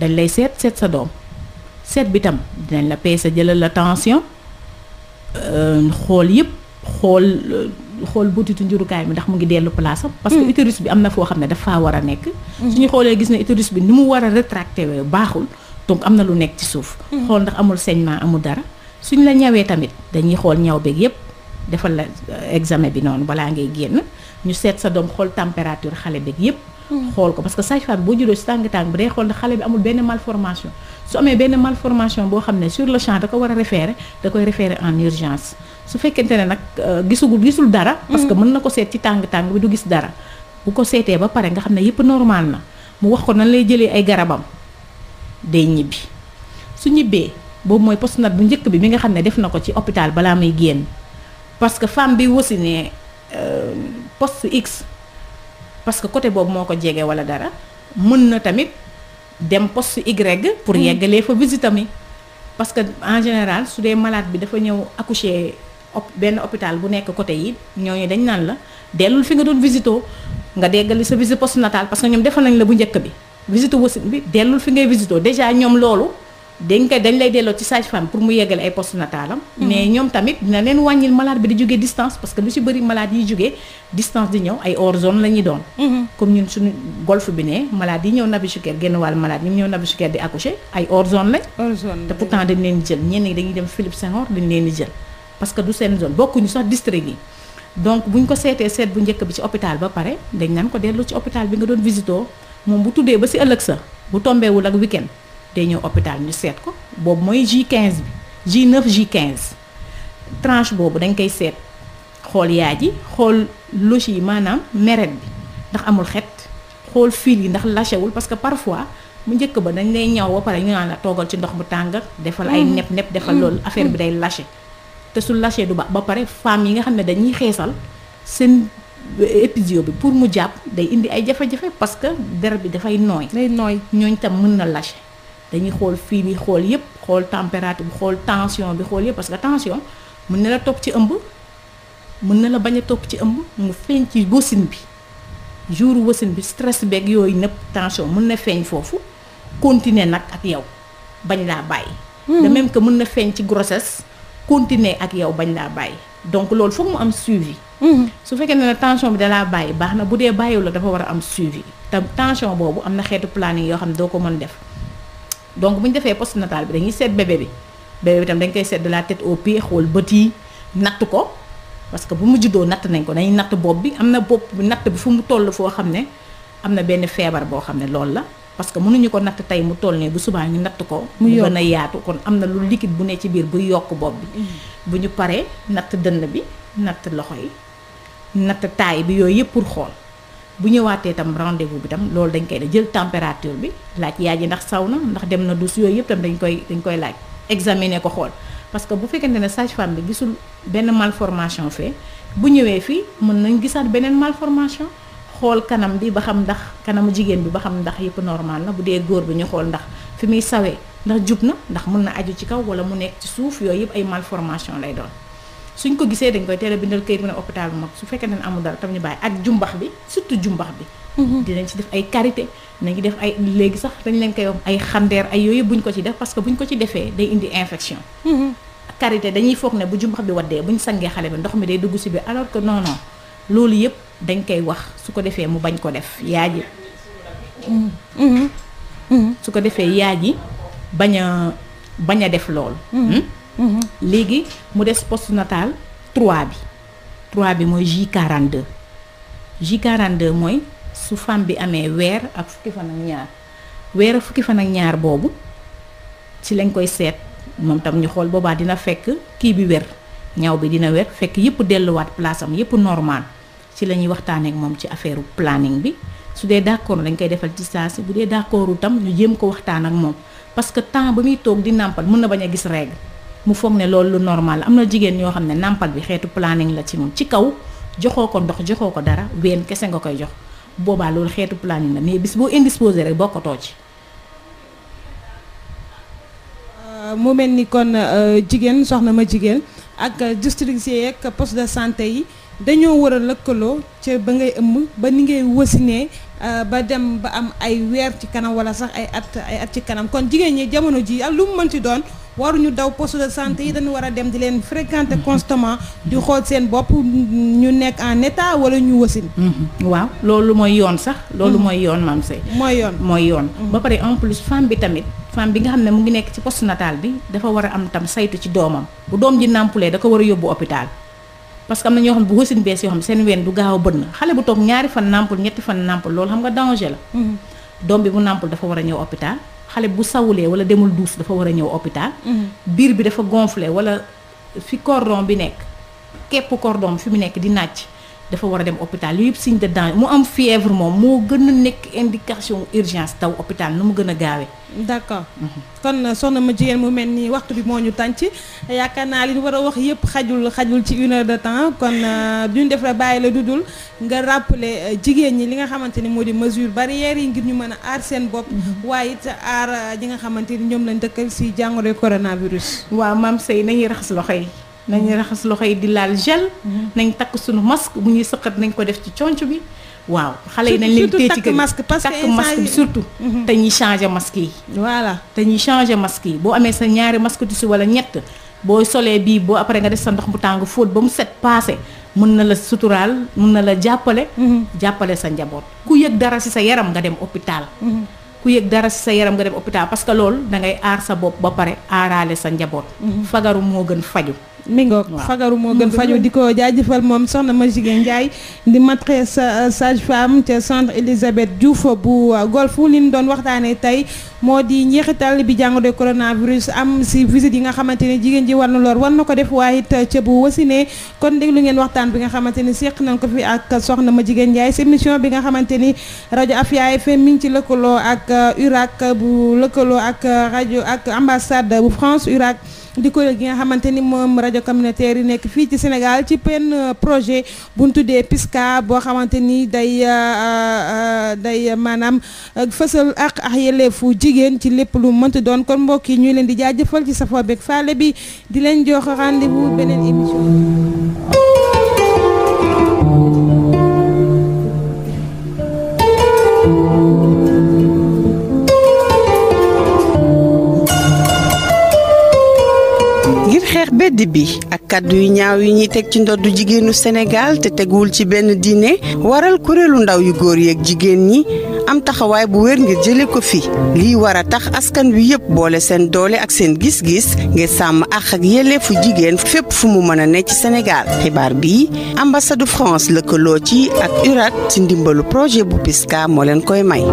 dañ lay seet seet sa doom seet bi tam dinañ la peese jëlal la tension euh, xool yëpp xool xool butitu njurukaay bi ndax mu ngi dellu place parce que hmm. utérus bi am na foo xam ne dafa war a nekk. Hmm. suñu xoolee gis ne utérus bi ni mu war a rétracté wee baaxul donc am na lu nekk ci suuf. Hmm. xool ndax amul saignement amul dara suñ la ñawee tamit dañuy xool ñaw beeg yëpp defal la euh, examen bi noonu balaa ngay génn ñu seet sa doom xool température xale beeg yëpp. xool ko parce que sage-femme boo juddoo si tàng tàng bi day xool da xale bi amul benn malformation su amee benn malformation boo xam ne sur le champ da ko war a référer da koy référer en urgence su fekkente ne nag euh, gisugul gisul dara parce que mm. mën na ko seet ci tàng tàng bi du gis dara bu ko seetee ba pare nga xam ne yëpp normal na mu wax ko nan lay jëlee ay garabam day ñibbi su ñibbee boobu mooy post postnat bu njëkk bi bi nga xam ne def na ko ci hôpital balaa muy génn parce que femme bi wasi ne euh, poste X parce que côté boobu moo ko jege wala dara mën na tamit dem poste Y pour mm. yeggalee fa visitam mi parce que en général su dee malaat bi dafa ñëw accoucher op benn hôpital bu nekk côté yi ñooñu dañ naan la dellul fi nga doon visito nga déggali sa visite postnatale parce que ñoom defal nañ la bu njëkk bi visite wasin bi dellul fi ngay visito déjà ñoom loolu dañ koy dañ lay delloo ci sage-femme pour mu yeggale ay postnatalam mais mm-hmm. ñoom tamit dina leen wàññil malade bi di jógee distance parce que lu ci bëri malade yi jógee distance di ñëw ay hors zone la ñuy doon mm-hmm. comme ñun suñu golf bi ne malade yi ñëw Nabi Choucair génn wàll malade yi ñëw Nabi Choucair di accoucher ay hors zone lañ te pourtant dañ leen jël ñenn ñi dañuy dem Philippe Senghor dañ leen di jël parce que du seen zone bokkuñu sax district yi donc buñ ko seetee seet bu njëkk bi ci hôpital ba pare dañ naan ko dellu ci hôpital bi nga doon visitoo moom bu tuddee ba si ëllëg sa bu tombeewul ak week-end day ñëw hôpital ñu seet ko boobu mooy J15 bi J9 J15 tranche boobu dañ koy seet xool yaay ji xool loge yi maanaam meret bi ndax amul xet xool fil yi ndax lâchewul parce que parfois mu njëkk ba dañ lay ñaw ba pare ñu naan la toogal ci ndox bu tàng defal ay mm. nepp nepp defal mm. loolu affaire bi mm. day lâché te su lâché du ba ba pare femmes yi nga xam ne dañuy xeesal seen épisio bi pour mu jàpp day indi ay jafe-jafe parce que der bi dafay nooy. day nooy ñooñ tam mën na lâché. dañuy xool fii bi xool yëpp xool température bi xool tension bi xool yëpp parce que tension mën na la topp ci ëmb mën na la bañ a topp ci ëmb mu feeñ ci wasin bi jour wasin bi stress beeg yooyu nëpp tension mën na feeñ foofu continuer nag ak yow bañ laa bàyyi. Hmm. de même que mën na feeñ ci grossesse continuer ak yow bañ laa bàyyi donc loolu foog mu am suivi. Hmm. su fekkee ne la tension bi dalaa bàyyi baax na bu dee bàyyiwul la dafa war a am suivi. te tension boobu am na xeetu planning yoo xam ne doo ko mën def. donc bu ñu defee postnatal bi dañuy seet bébé bi bébé bi tam dañ koy seet de la tête aux pieds xool bët natt ko parce que bu mu juddoo natt nañ ko dañuy natt bopp bi am na bopp bi natt bi fu mu toll foo xam ne am na benn feebar boo xam ne loolu la parce que mënuñu ko natt tey mu toll nii bu subaa ñu natt ko mu gën a yaatu kon am na lu liquide bu ne ci biir bu yokk bopp bi mm-hmm. bu ñu paree natt dënn bi natt loxo yi natt taay bi yooyu yëpp pour xool bu ñëwaatee tam rendez-vous bi tam loolu dañ koy def jël température bi laaj yaay ji ndax saw na ndax dem na dus yooyu yëpp tam dañ koy dañ koy laaj examiner ko xool parce que bu fekkente ne sage-femme bi gisul benn formation fee bu ñëwee fii mën nañ gisaat beneen mal formation xool kanam bi ba xam ndax kanamu jigéen bi ba xam ndax yëpp normal na bu dee góor bi ñu xool ndax fi muy sawee ndax jub na ndax mën na aju ci kaw wala mu nekk ci suuf yooyu yëpp ay malformation lay doon suñ ko gisee dañ koy teel bindal këyit mu ne hôpital bu mag su fekkee ne amul dara tam ñu bàyyi ak jumbax bi surtout jumbax bi mhm. dinañ ci def ay karité nañu def ay léegi sax dañ leen koy wax ay xandeer ay yooyu buñ ko ci def parce que buñ ko ci defee day indi infection mhm. karité dañuy foog ne bu jumbax bi waddee buñ sangee xale bi ndox mi day dugg si bi alors que non loolu yëpp dañ koy wax su ko defee mu bañ ko def yaa ji mhm. su ko defee yaa ji bañ a bañ def loolu hmm? Mm-hmm. léegi mu des nataal 3 bi 3 bi mooy J42 J42 mooy su femme bi amee weer ak fukki fan ñaar weer ak fukki fan ak ñaar boobu ci lañ koy seet moom tam ñu xool boobaa dina fekk kii bi wér ñaw bi dina wér fekk yëpp delluwaat place am yëpp normal ci la ñuy waxtaanee ak moom ci affaire planning bi su dee d'accord dañ koy defal ci saa si bu dee d'accord tam ñu jëm ko waxtaan ak moom parce que temps ba muy toog di nàmpal mën na bañ a gis règle mu foog ne loolu lu normal am na jigéen ñoo xam ne nàmpal bi xeetu planning la ci moom ci kaw joxoo ko ndox joxoo ko dara ween kese nga koy jox boobaa loolu xeetu planning la mais bis boo indisposé rek bokkatoo ci. Euh, mu mel ni kon euh, jigéen soxna ma jigéen ak district yi ak poste de santé dañoo war a lëkkaloo ca ba ngay ëmb ba ni ngay wasinee euh, ba dem ba am ay weer ci kanam wala sax ay at ay at ci kanam kon jigéen ñi jamono ji ak lu mu mënti doon. waruñu daw poste de santé yi dañu war a dem di leen fréquenter constamment di xool seen bopp ñu nekk en état wala ñu wasin mm-hmm. waaw loolu mooy yoon sax loolu mm-hmm. mooy yoon maam say mooy yoon mooy yoon mm-hmm. ba pare en plus femme bi tamit femme bi nga xam ne mu ngi nekk ci poste natal bi dafa war a am tam saytu ci doomam bu doom ji nàmpulee da ko war a yóbbu hôpital parce que am na ñoo xam bu wasin bees yoo xam seen ween du gaaw a bënn xale bu toog ñaari fan nàmpul ñetti fan nàmpul xam nga danger la doom bi bu nàmpul dafa war a ñëw hôpital xale bu sawulee wala demul duus dafa war a ñëw hôpital mhm. biir bi dafa gonflé wala fi cordon bi nekk kepp cordon bi fi mu nekk di nàcc dafa war a dem hôpital yooyu yëpp signe de danger mu am fièvre moom moo gën a nekk indication urgence taw hôpital nu mu gën a gaawee. d'accord kon soxna ma jigéen mu mel ni waxtu bi moo ñu tànc yaakaar naa li ñu war a wax yëpp xajul xajul ci une de temps kon euh, du ñu def la bàyyi la du dul nga rappeler euh, jigéen ñi li nga xamante ni moo di mesure barrières yi ngir ñu mën a aar seen bopp. Mhm. waaye it aar ji euh, nga xamante ni ñoom lañ dëkkal si jàngoro coronavirus. waa maam Sey nañuy raxas loxo yi. nañu raxas loxo yi di laal gel. Mhm. nañ takk suñu masque bu ñuy sëqat nañ ko def ci conc bi. waaw xale yi nañ leen téye ci kër parce que takk masque bi surtout. Mhm. te ñuy changer masque yi. voilà te ñuy changer masque yi boo amee sa ñaari masque tissu wala ñett boo solee bii boo après nga def sa ndox bu tàng fóot ba mu set paase. mën na la suturaal mun na la jàppale. Mhm. jàppale sa njaboot. ku yëg dara si sa yaram nga dem hôpital. ku yëg dara ci sa yaram nga dem hôpital parce que loolu da ngay aar sa bopp ba pare aaraale sa njaboot. fagaru moo gën faju mi ngoog fagaru moo gën faju di ko jaajëfal moom soxna ma jigéen Ndiaye di maîtresse euh, sage femme ca centre Elisabeth Diouf bu euh, Golf li ñu doon waxtaanee tey moo di njeexital bi jàngoro coronavirus am si visite yi nga xamante ne jigéen ji war na lool war na ko def waaye it ca bu wasinee kon déglu ngeen waxtaan bi nga xamante ni seq nañ ko fi ak soxna ma jigéen Ndiaye si émission bi nga xamante ni rajo Afia FM mi ngi ci lëkkaloo ak euh, URAC bu lëkkaloo ak rajo ak ambassade bu URAC di kuréel gi nga xamante ni moom rajo communautaire yi nekk fii ci Sénégal ci benn euh, projet bu ñu tuddee PISCA boo xamante ni day euh, euh, day maanaam fësal ak ak yelleefu jigéen ci lépp lu mënti doon kon mbokk yi ñuy leen di jëfal ci safoo beek faale bi di leen jox rendez-vous beneen émission. xeex bedd bi ak kàddu yu ñaaw yi ñuy teg ci ndoddu jigéenu senegaal te teguwul ci benn diine waral kuréelu ndaw yu góor yeeg jigéen ñi am taxawaay bu wér ngir jële ko fi lii war a tax askan wi yëpp boole seen doole ak seen gis-gis ngir sàmm ak ak yelleefu jigéen fépp fu mu mën a ne ci senegaal xibaar bi ambassade France lëkkaloo ci ak URAT ci ndimbalu projet bu PISCA moo leen koy may.